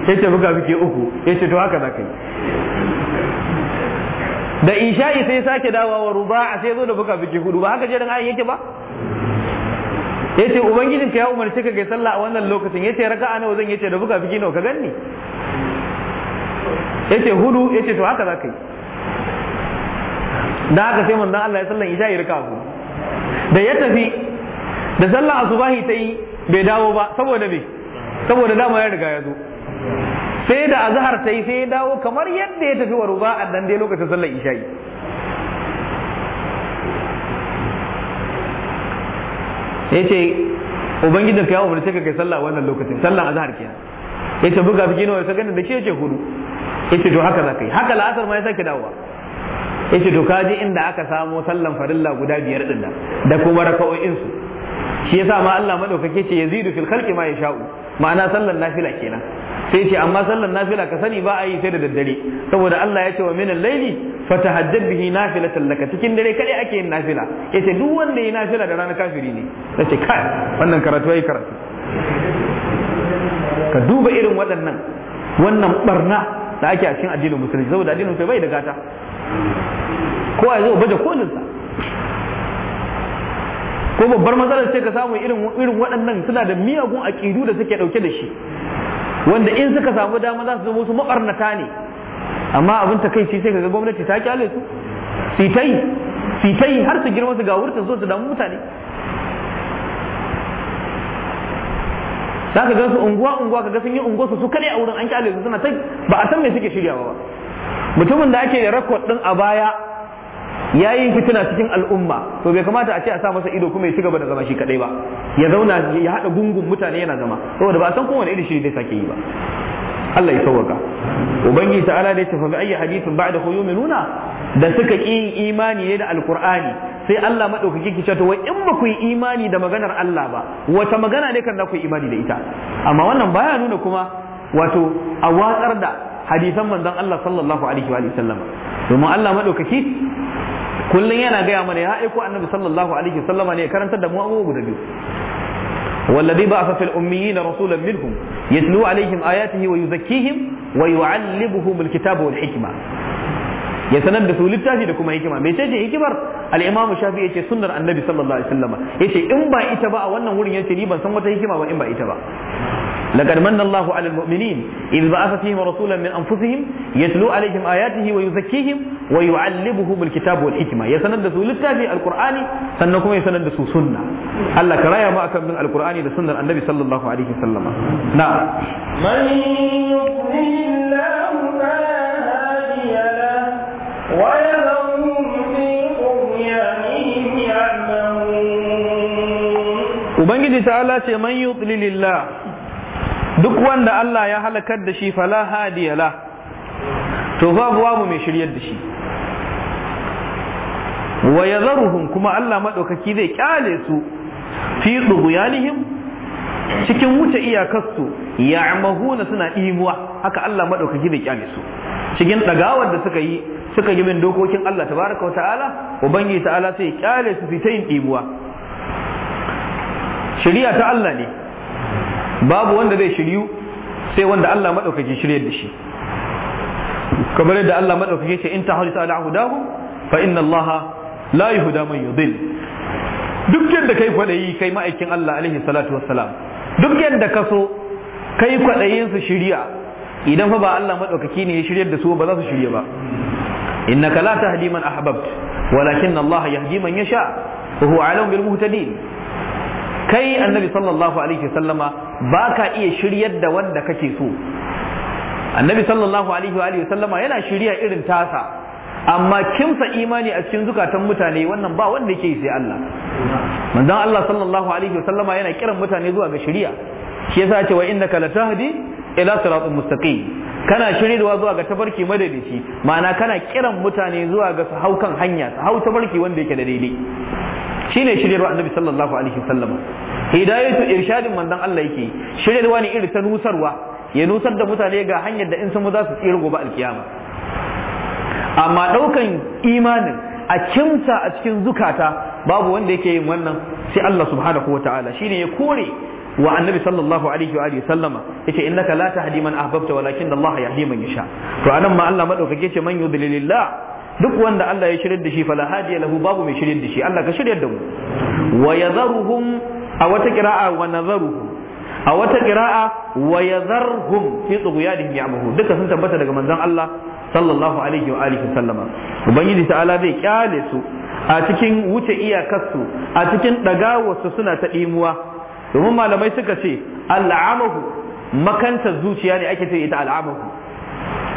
yace fuka fiki uku yace to haka za ka yi da isha'i sai sake dawowa ruba sai zo da fuka fiki hudu ba haka dan ayin yake ba yace ubangijinka ya umarce ka kai sallah a wannan lokacin yace raka'a nawa zan yace da fuka fiki nawa ka ganni yace hudu yace to haka za ka yi da haka sai manzon Allah ya sallan isha ya rika ku da ya tafi da sallan asubahi ta yi bai dawo ba saboda me saboda dama ya riga ya zo sai da azhar ta yi sai ya dawo kamar yadda ya tafi wa ruba a dan dai lokacin sallan isha ya ce ubangijin ka ya umarce ka kai sallah wannan lokacin sallan azhar kenan ya ce buga biki nawa ya ganin da shi ce hudu ya ce to haka za ka yi haka la'asar ma ya sake dawowa yace to kaji inda aka samo sallan farilla guda biyar din nan da kuma raka'o'in su shi yasa ma Allah madaukake ce yazidu fil khalqi ma yasha'u ma'ana sallan nafila kenan sai ce amma sallan nafila ka sani ba a yi sai da daddare saboda Allah ya ce wa minal laili fatahajjab bihi nafilatan laka cikin dare kadai ake yin nafila yace duk wanda ya nafila da rana kafiri ne nace kai wannan karatu yayi karatu ka duba irin waɗannan wannan barna da ake a cikin addinin musulunci saboda addinin musulunci bai da gata kowa ya zo baje kolinsa ko babbar matsalar ce ka samu irin irin waɗannan suna da miyagun aƙidu da suke ɗauke da shi wanda in suka samu dama za su zama wasu maɓarnata ne amma abin ta kai shi sai kaga gwamnati ta kyale su sitai sitai har su girma su ga wurtin so su damu mutane za ka gansu unguwa unguwa ka ga sun yi unguwa su su kare a wurin an kyale su suna ta ba a san me suke shiryawa ba mutumin da ake da rekod din a baya ya yi fitina cikin al'umma to bai kamata a ce a sa masa ido kuma ya ci gaba da zama shi kadai ba ya zauna ya haɗa gungun mutane yana zama saboda ba a san kowane irin shi zai sake yi ba Allah ya sauwaka ubangiji ta'ala da ya tafi ayi hadithin ba'da ko yuminuna da suka ki imani ne da alqur'ani sai Allah madaukaki ki to wai in ba ku imani da maganar Allah ba wata magana ne kan da ku yi imani da ita amma wannan baya nuna kuma wato a watsar da hadisan manzon Allah sallallahu alaihi wa sallama domin Allah madaukaki kullun yana gaya mana ya aiko annabi sallallahu alaihi wa sallama ne karantar da mu abubuwa guda biyu والذي بعث في الأميين رسولا منهم يتلو عليهم آياته ويزكيهم ويعلمهم الكتاب والحكمة يتنبث للتاجي لكم هكما ميتاجي هكبر الإمام الشافعي يتي سنة النبي صلى الله عليه وسلم يتي إن با إتبا وانا ورن يتي نيبا سنوة هكما وإن با إتبا لقد من الله على المؤمنين إذ بعث فيهم رسولا من أنفسهم يتلو عليهم آياته ويزكيهم ويعلمهم الكتاب والحكمة يسندسوا للتابع القرآن سنكم يسندسوا سنة الله كرايا ما أكمل من القرآن لسنة النبي صلى الله عليه وسلم نعم من يضلل الله فلا هادي له ويذرهم في طغيانهم يعمهون وبنجد تعالى من يضلل الله duk wanda Allah ya halakar da shi fala hadiya la to babu babu mai shiryar da shi wa zaruhun kuma Allah maɗaukaki zai kyale su fi dughyanihim cikin wuce iyakarsu mahuna suna imuwa haka Allah maɗaukaki zai kyale su cikin dagawar da suka yi suka yi bin dokokin Allah tabaraka wa ta'ala ubangiji ta'ala sai kyale su fi ta yin imuwa shari'a ta Allah ne babu wanda zai shiryu sai wanda Allah madaukaki shiryar da shi kamar yadda Allah maɗaukaki ce in tahawlisa ala hudahum fa inna Allah la yuhda man yudil duk yadda kai kwadayi kai ma'aikin Allah alaihi salatu wassalam duk yadda ka so kai kwadayin su shirya idan fa ba Allah maɗaukaki ne ya shiryar da su ba za su shirya ba innaka la tahdi man ahbabt walakin Allah yahdi man yasha wa huwa alim bil muhtadin kai annabi sallallahu alaihi wasallama ba ka iya shiryar da wanda kake so annabi sallallahu alaihi wa sallama yana shirya irin tasa amma kimsa imani a cikin zukatan mutane wannan ba wanda yake sai Allah manzon Allah sallallahu alaihi wa sallama yana kiran mutane zuwa ga shiriya shi yasa ce wa innaka latahdi ila siratin mustaqim kana shiryarwa zuwa ga tabarki madadici ma'ana kana kiran mutane zuwa ga su hau kan hanya su hau tabarki wanda yake da daidai shine shiryarwa annabi sallallahu alaihi wa sallama hidayatu irshadin manzon Allah yake shiryarwa ne irin ta nusarwa ya nusar da mutane ga hanyar da in sun za su tsira gobe alkiyama amma daukan imanin a kimsa a cikin zukata babu wanda yake yin wannan sai Allah subhanahu ta'ala shine ya kore wa annabi sallallahu alaihi wa alihi sallama yace innaka la tahdi man ahbabta walakin Allah yahdi man yasha to anan ma Allah madaukake ce man yudlilillah duk wanda Allah ya shiryar da shi fala hadiya lahu babu mai shiryar da shi Allah ka shiryar da mu wa yadharuhum a wata qira'a wa nazaruhu a wata qira'a wa yadharhum fi tughyanihim ya'mahu duka sun tabbata daga manzon Allah sallallahu alaihi wa alihi sallama ubangiji ta'ala zai kyale su a cikin wuce iyakarsu a cikin dagawarsu suna ta dimuwa domin malamai suka ce al'amahu makanta zuciya ne ake ce ita al'amahu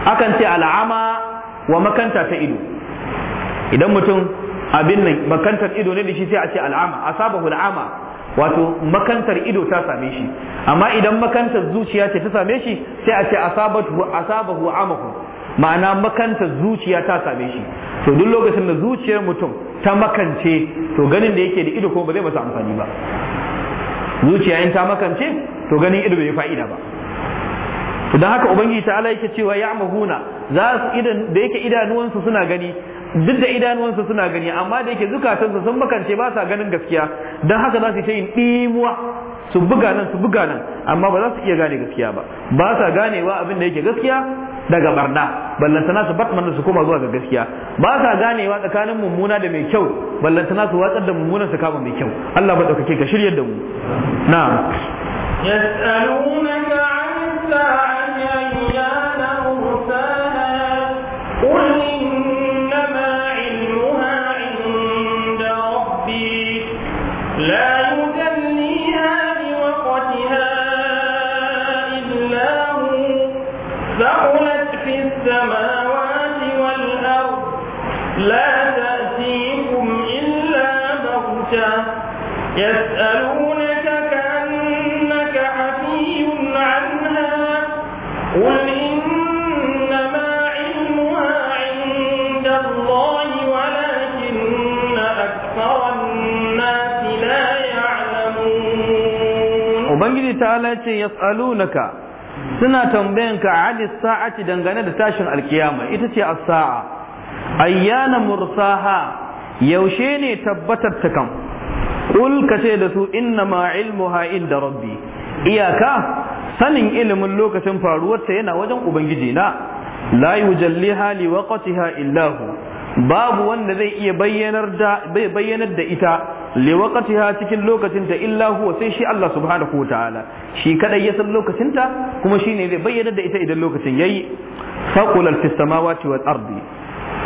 akan ce al'ama wa makanta ta ido idan mutum abin nan makantar ido ne da shi sai a ce al'ama asabahu al'ama wato makantar ido ta same shi amma idan makantar zuciya ce ta same shi sai a ce asabatu asabahu amahu ma'ana makantar zuciya ta same shi to duk lokacin da zuciyar mutum ta makance to ganin da yake da ido ko ba zai masa amfani ba zuciya in ta makance to ganin ido bai fa'ida ba to don haka ubangiji ta'ala yake cewa ya mahuna za su idan da yake idanuwansu suna gani duk da idanuwansu suna gani amma da yake zukatansu sun makance ba sa ganin gaskiya don haka za su ta yin ɗimuwa su buga nan su buga nan amma ba za su iya gane gaskiya ba ba sa ganewa abin da yake gaskiya daga barna ballantana su batman su koma zuwa ga gaskiya ba sa ganewa tsakanin mummuna da mai kyau ballantana su watsar da mummunan su kama mai kyau Allah ba daukake ka shirya da mu na'am yas'alunaka 'an qul ثقلت في السماوات والأرض لا تأتيكم إلا بغتة يسألونك كأنك حفي عنها قل إنما علمها عند الله ولكن أكثر الناس لا يعلمون وبنجد تعالى يسألونك suna tambayan ka ani sa'ati dangane da tashin alkiyama ita ce as-sa'a ayyana mursaha yaushe ne tabbatar ta kan kul ka ce da su inna ma ilmuha inda rabbi iyaka sanin ilimin lokacin faruwar ta yana wajen ubangiji na la yujalliha li waqtiha illa babu wanda zai iya bayyanar da bayyanar da ita ha cikin lokacinta illa huwa sai shi Allah subhanahu wa ta'ala shi kadai ya san lokacinta kuma shi ne zai bayyana da ita idan lokacin yayi faqulan fis samawati wal ardi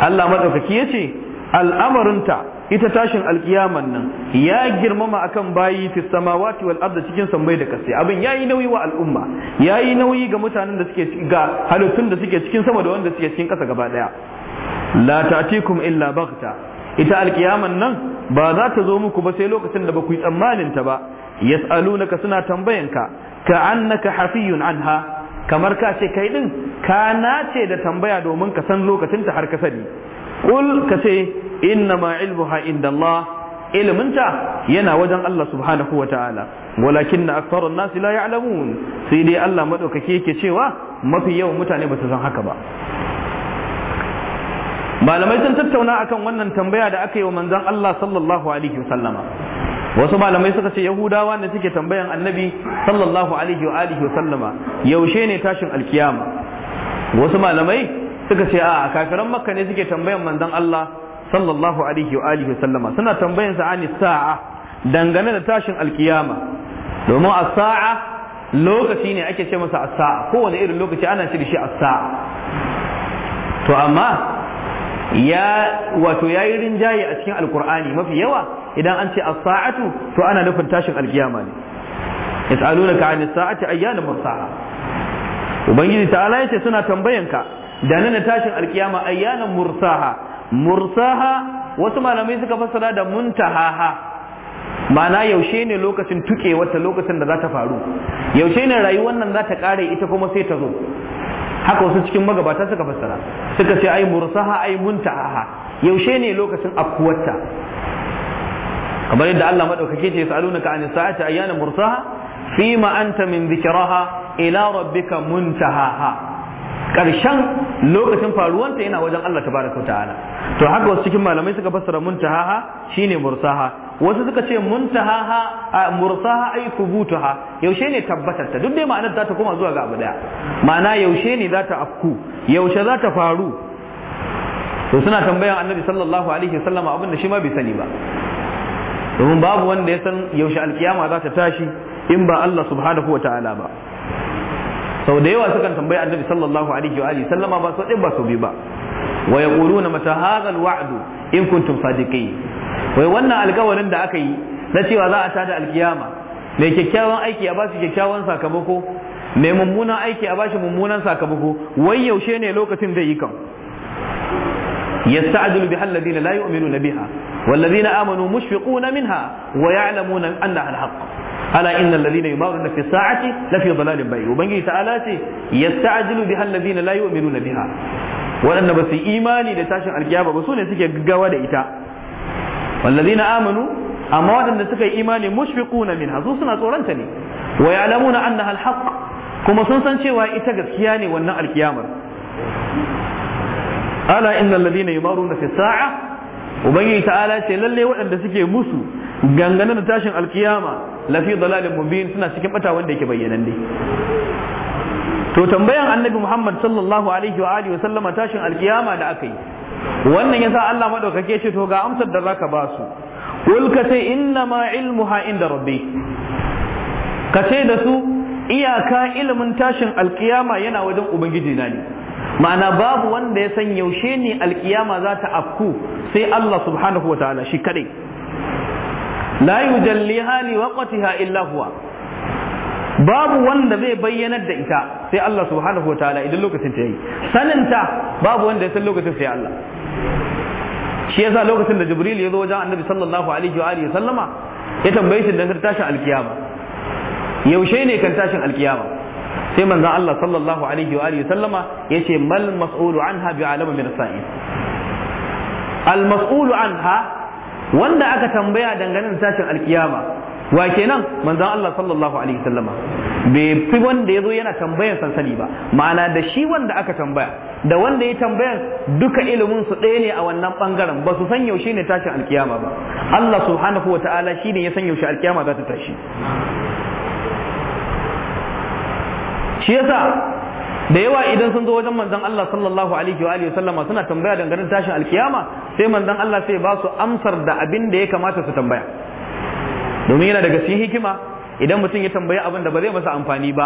Allah madaukaki yace al'amarinta ita tashin alkiyaman nan ya girmama akan bayi fi samawati wal ardi cikin sammai da kasai abin yayi nauyi wa al'umma yayi nauyi ga mutanen da suke ga halittun da suke cikin sama da wanda suke cikin kasa gaba daya la ta'tikum illa baghta ita alkiyaman nan ba za ta zo muku ba sai lokacin da ba ku yi tsammanin ta ba yas'alunaka suna tambayanka ka annaka hafiyun anha kamar ka ce kai din ka nace da tambaya domin ka san lokacin ta har ka sani qul ka ce inna ma ilmuha inda Allah ilminta yana wajen Allah subhanahu wa ta'ala walakin na aktarun nasi la ya'lamun sai dai Allah madaukake yake cewa mafi yawan mutane ba su san haka ba malamai sun tattauna akan wannan tambaya da aka yi wa manzan Allah sallallahu alaihi wasallama wasu malamai suka ce yahudawa ne suke tambayan annabi sallallahu alaihi wa alihi wasallama yaushe ne tashin alkiyama wasu malamai suka ce a kafiran makka ne suke tambayan manzan Allah sallallahu alaihi wa alihi wasallama suna tambayan sa ani sa'a dangane da tashin alkiyama domin as-sa'a lokaci ne ake ce masa as-sa'a kowane irin lokaci ana ce da shi as-sa'a to amma ya wato yayi rinjaye a cikin alqur'ani mafi yawa idan an ce as-sa'atu to ana nufin tashin alqiyama ne yas'alunaka as sa'ati ayyana mursaha ubangiji ta'ala yace suna tambayanka da nan tashin alkiyama ayyana mursaha mursaha wasu malamai suka fassara da muntahaha ma'ana yaushe ne lokacin tuke wata lokacin da za ta faru yaushe ne rayuwar nan za ta kare ita kuma sai ta zo haka wasu cikin magabata suka fassara suka ce ai mursaha ai muntaha yaushe ne lokacin afkuwarta kamar yadda Allah madaukake ce ka anis sa'ati ayyana mursaha fima anta min dhikraha ila rabbika muntahaha karshen lokacin faruwanta yana wajen Allah tabaraka ta'ala to haka wasu cikin malamai suka fassara muntahaha shine mursaha wasu suka ce muntahaha mursaha ay thubutuha yaushe ne tabbatar ta duk dai ma'anar za ta koma zuwa ga abu daya ma'ana yaushe ne za ta afku yaushe za ta faru to suna tambayan annabi sallallahu alaihi wasallam abin da shi ma bai sani ba domin babu wanda ya san yaushe alkiyama za ta tashi in ba Allah subhanahu wa ta'ala ba sau da yawa sukan tambayi annabi sallallahu alaihi wa alihi sallama ba sau ɗin ba sau biyu ba wa yaquluna mata hadha alwa'd in kuntum sadiqin wai wannan alkawarin da aka yi na cewa za a tada alkiyama mai kyakkyawan aiki a ba su kyakkyawan sakamako mai mummunan aiki a ba shi mummunan sakamako wai yaushe ne lokacin zai yi kan yasta'jilu bihal ladina la yu'minuna biha wal ladina amanu mushfiquna minha wa ya'lamuna annaha al-haqq ala innal ladina yumaruna fi sa'ati la fi dhalalin bayyin ubangiji ta'ala ce yasta'jilu bihal ladina la yu'minuna biha waɗanda ba su imani da tashin alkiyama ba su ne suke gaggawa da ita na amanu amma waɗanda suka yi imani mushfiquna min su suna tsoranta ne wa alamuna annaha alhaq kuma sun san cewa ita gaskiya ne wannan alkiyamar ala innal ladina na fi sa'a ubangiji ta'ala ce lalle waɗanda suke musu gangane da tashin alkiyama lafi dalalin mubin suna cikin bata wanda yake bayyananne to tambayan annabi muhammad sallallahu alaihi wa alihi wa sallama tashin alkiyama da aka yi wannan yasa Allah madaukake ce to ga amsar da zaka ba su kul ka sai inna ma ilmuha inda rabbi ka ce da su iyaka ilimin tashin alkiyama yana wajen ubangiji na ne ma'ana babu wanda ya san yaushe ne alkiyama za ta afku sai Allah subhanahu wa ta'ala shi kadai la yujalliha li waqtiha illa huwa babu wanda zai bayyanar da ita sai Allah subhanahu wa ta'ala idan lokacin ta yi saninta babu wanda ya san lokacin sai Allah shi yasa lokacin da Jibril ya zo wajen Annabi sallallahu alaihi wa alihi sallama ya tambaye shi dan tashin alkiyama yaushe ne kan tashin alkiyama sai manzon Allah sallallahu alaihi wa alihi sallama yace mal mas'ulu anha bi alama min sa'id al mas'ulu anha wanda aka tambaya dangane tashin alkiyama wa kenan manzon Allah sallallahu alaihi wasallama bai fi wanda ya zo yana tambayan sansani ba ma'ana da shi wanda aka tambaya da wanda ya tambayan duka ilimin su ɗaya ne a wannan bangaren ba su san yaushe ne tashin alkiyama ba Allah subhanahu wa ta'ala shi ne ya san yaushe alkiyama za ta tashi shi yasa da yawa idan sun zo wajen manzon Allah sallallahu alaihi wa alihi sallama suna tambaya dangane tashin alkiyama sai manzon Allah sai ba su amsar da abin da ya kamata su tambaya domin yana daga cikin hikima idan mutum ya tambayi abin da ba zai masa amfani ba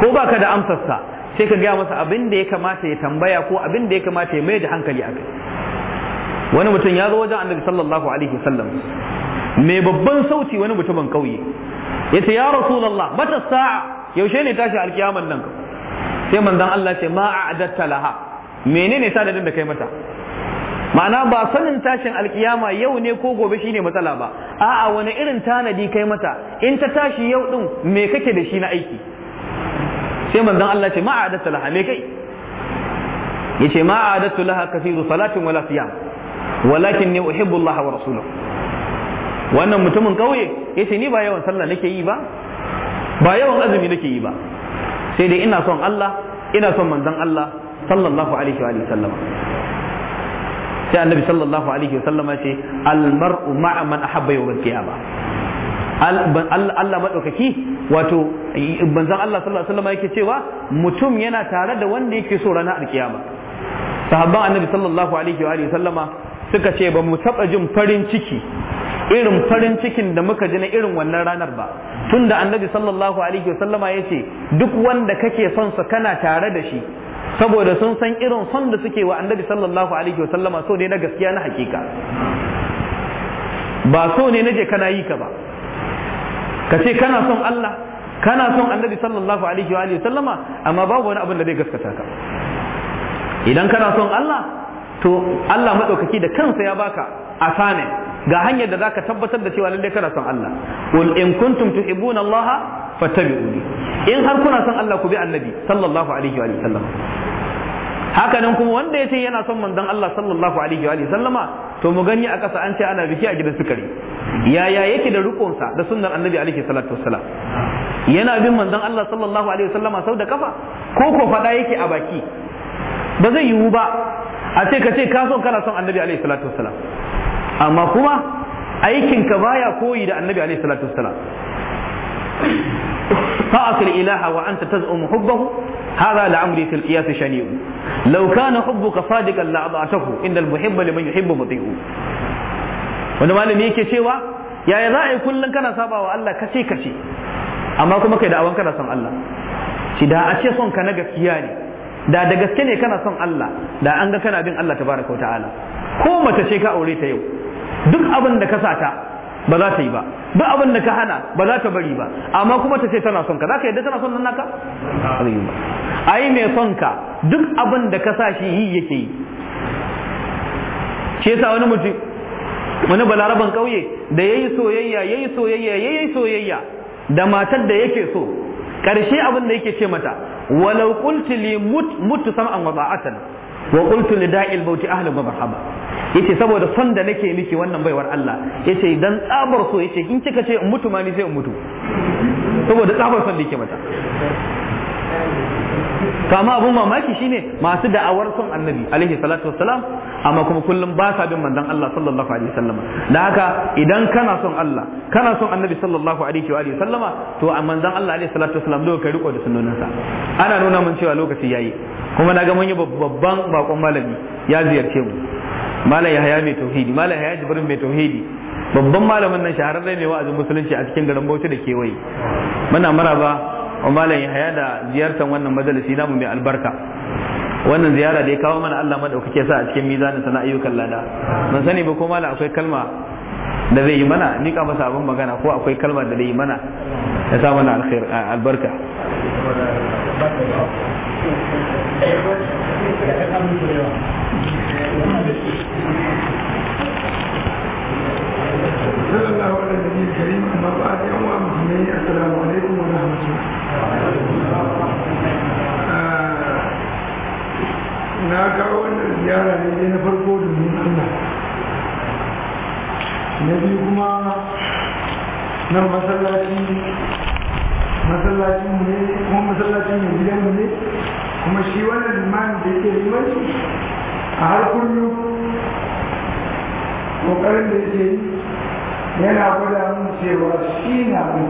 ko ba ka da amsarsa sai ka gaya masa abin da ya kamata ya tambaya ko abin da ya kamata ya mai da hankali a kai. wani mutum ya zo wajen annabi sallallahu alaihi wasallam mai babban sauti wani mutumin kauye ya ce ya rasulallah mata sa'a yaushe ne tashi alkiyaman nan sai manzon Allah ce ma a'adatta laha menene sadadin da kai mata ma'ana ba sanin tashin alkiyama yau ne ko gobe shine matsala ba a'a wani irin tanadi kai mata in ta tashi yau din me kake da shi na aiki sai manzon Allah ce ma'adatu laha me kai yace ma'adatu laha kathiru salatin wala siyam walakin ni uhibbu Allah wa rasuluhu wannan mutumin kauye yace ni ba yawan sallah nake yi ba ba yawan azumi nake yi ba sai dai ina son Allah ina son manzon Allah sallallahu alaihi wa sallama sai annabi sallallahu alaihi wasallam ya ce al mar'u ma'a man ahabba yawmal qiyamah Allah maɗaukaki wato banzan Allah sallallahu alaihi wasallam yake cewa mutum yana tare da wanda yake so ranar alkiyama sahabban annabi sallallahu alaihi wa sallama suka ce ba mu taɓa jin farin ciki irin farin cikin da muka ji na irin wannan ranar ba tunda annabi sallallahu alaihi wa sallama ya ce duk wanda kake son sa kana tare da shi saboda sun san irin son da suke wa annabi sallallahu alaihi wa sallama so ne na gaskiya na hakika ba so ne na je kana yi ka ba ka ce kana son Allah kana son annabi sallallahu alaihi wa sallama amma babu wani abin da zai gaskata ka idan kana son Allah to Allah madaukaki da kansa ya baka asane. ga hanyar da zaka tabbatar da cewa lalle kana son Allah wal in kuntum tuhibbuna Allah fattabi'uni in har kuna son Allah ku bi annabi sallallahu alaihi wa sallam haka nan kuma wanda yace yana son manzon Allah sallallahu alaihi wa sallama to mu gani a ƙasa an ce ana biki a gidan sukari yaya yake da rukunsa da sunnar annabi alaihi salatu wassalam yana bin manzon Allah sallallahu alaihi wa sallama sau da kafa ko ko faɗa yake a baki ba zai yiwu ba a ce ka ce ka son kana son annabi alaihi salatu wassalam amma kuma aikinka baya koyi da annabi alaihi salatu wassalam تعصي الإله وأنت تزعم حبه هذا لعمري في القياس شنيع لو كان حبك صادقا لأضعته إن المحب لمن يحب مطيع wani malami yake cewa yaya za a yi kullum kana saba wa Allah kashe-kashe. amma kuma kai da'awan kana son Allah shi da a ce son ka na gaskiya ne da da gaske ne kana son Allah da an ga kana bin Allah tabaraka ta'ala ko mace ce ka aure ta yau duk abin da ka sata ba za ta yi ba duk abin da ka hana ba za ta bari ba amma kuma ta ce tana son ka za ka yadda tana son nan naka ai mai son ka duk abin da ka sa shi yi yake yi shi yasa wani mutum wani balaraban ƙauye da ya yi soyayya ya yi soyayya ya yi soyayya da matar da yake so karshe abin da yake ce mata walau qultu li mut mut sam'an wa ba'atan wa qultu li da'il bauti ahlan marhaba yace saboda son da nake miki wannan baiwar Allah yace dan tsabar so yace in kika ce in mutu ma ni sai in mutu saboda tsabar son da yake mata kama abun mamaki shine masu da'awar son annabi alaihi salatu wassalam amma kuma kullum ba sa bin manzon Allah sallallahu alaihi wasallam da haka idan kana son Allah kana son annabi sallallahu alaihi wa alihi sallama to a manzon Allah alaihi salatu wassalam dole ka riko da sunnoninsa ana nuna mun cewa lokaci yayi kuma naga mun yi babban bakon malami ya ziyarce mu malam yahaya mai tauhidi malam yahaya jibrin mai tauhidi babban malamin nan shahararren mai wa'azin musulunci a cikin garin Bauchi da kewaye muna maraba wa malam yahaya da ziyartar wannan majalisi namu mai albarka wannan ziyara da ya kawo mana Allah madaukake sa a cikin mizanin sana ayyukan lada ban sani ba ko malam akwai kalma da zai yi mana ni ka masa abin magana ko akwai kalma da zai yi mana ya sa mana alkhair albarka صلى الله على النبي الكريم أما بعد يوم مسلمين السلام عليكم ورحمة الله na kawo wannan ziyara ne dai na farko domin Allah na biyu kuma na masallaci masallacin ne kuma masallacin mai gidan mu ne kuma shi wannan limanin da yake limanci a har kullum kokarin da yake yi yana gwada mun cewa shi na mun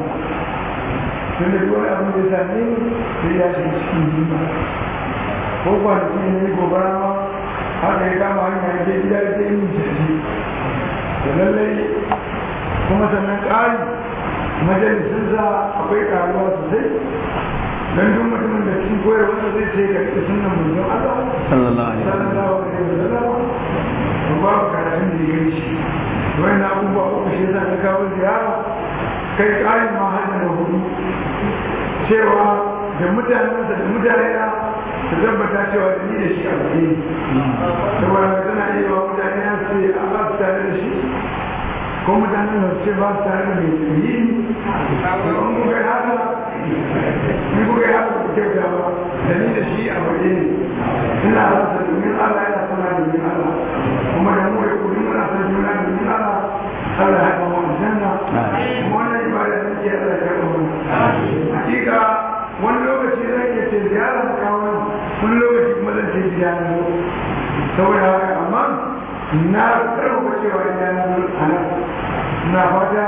tun da wani abin da ta ne su ya shi cikin ba ko kwanci ne gobara ma haka ya kama hanya ke gida da yin jirgi da lallai kuma sannan ƙari majalisun za akwai ƙaruwa sosai don duk mutumin da cikin koyar wanda zai ce ga ita sunan mulkin Allah sallallahu alaihi wa sallam ba ka da shi wani abubuwa uku shi za ka kawo ziyara kai tsarin ma hannun da hudu cewa da mutanen da mutanena su tabbata cewa da ni da shi a ne saboda tana iya wa mutane na su yi a ba tare da shi ko mutanen na ce ba su tare da mai tsayi da wani kuka yi haka ni kuka yi haka da kyau da ni da shi a baje ne ina rasa domin Allah suna domin Allah kuma da mu san juna wannan ibada ta hakika wani lokaci zan iya ce ziyara ta kawo wani lokaci kuma ce ziyara saboda haka amma na karfafa cewa ina na a na fata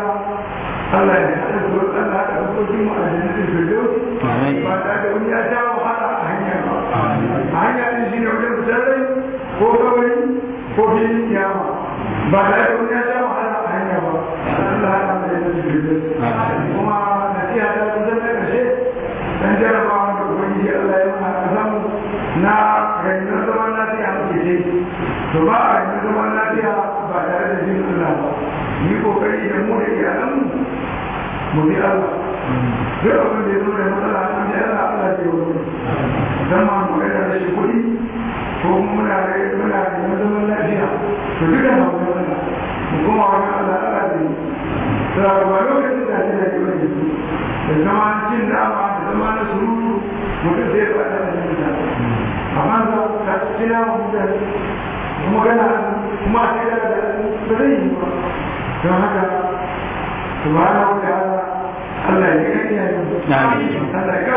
Allah ya haɗa su Allah ya haɗa su mu a ba tare da wani ya a hanya ba a ɗin shi ne wajen fitar rai ko kawai ko kiyama ba tare da wani ya sha wahala a hanya ba Allah ya kama da yadda kuma na iya ta kusan na ƙarshe dan jarabawa da ubangiji Allah ya mana a samu na rayuwar zaman lafiya muke ce to ba a rayuwar zaman lafiya ba tare da jin Allah ba yi kokari da mu da iyalanmu mu bi Allah duk abin da ya zo da matsala a da Allah Allah ke wani musamman mu ga da shi kuɗi ko muna muna da lafiya to duka na mu kuma wani Allah da to a ba lokacin da shi da ke da zama cin da zama na sururu mutum zai ba da wani amma kuma kuma a kai da haka subhanahu wa ta'ala Allah ya ya yi Allah ya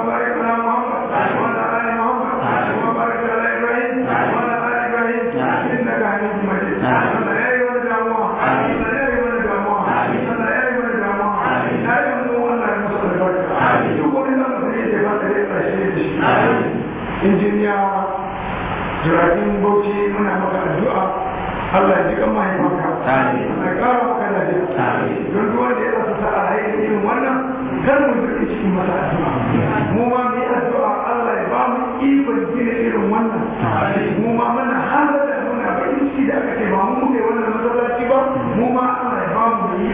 injiniya jiragin bauchi muna maka addu'a Allah ya ji kan mahaifanka maka don duwa da ya rasa sa'a haifin irin wannan kar mu jirgin cikin masa addu'a mu ma addu'a Allah ya ba mu ikon gina irin wannan mu ma muna muna da aka ce ba mu wannan masallaci ba mu ma Allah ya ba mu yi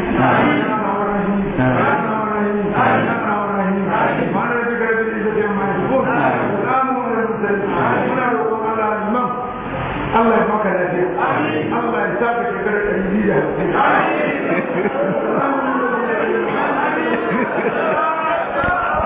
Allah ya sa ka shekarar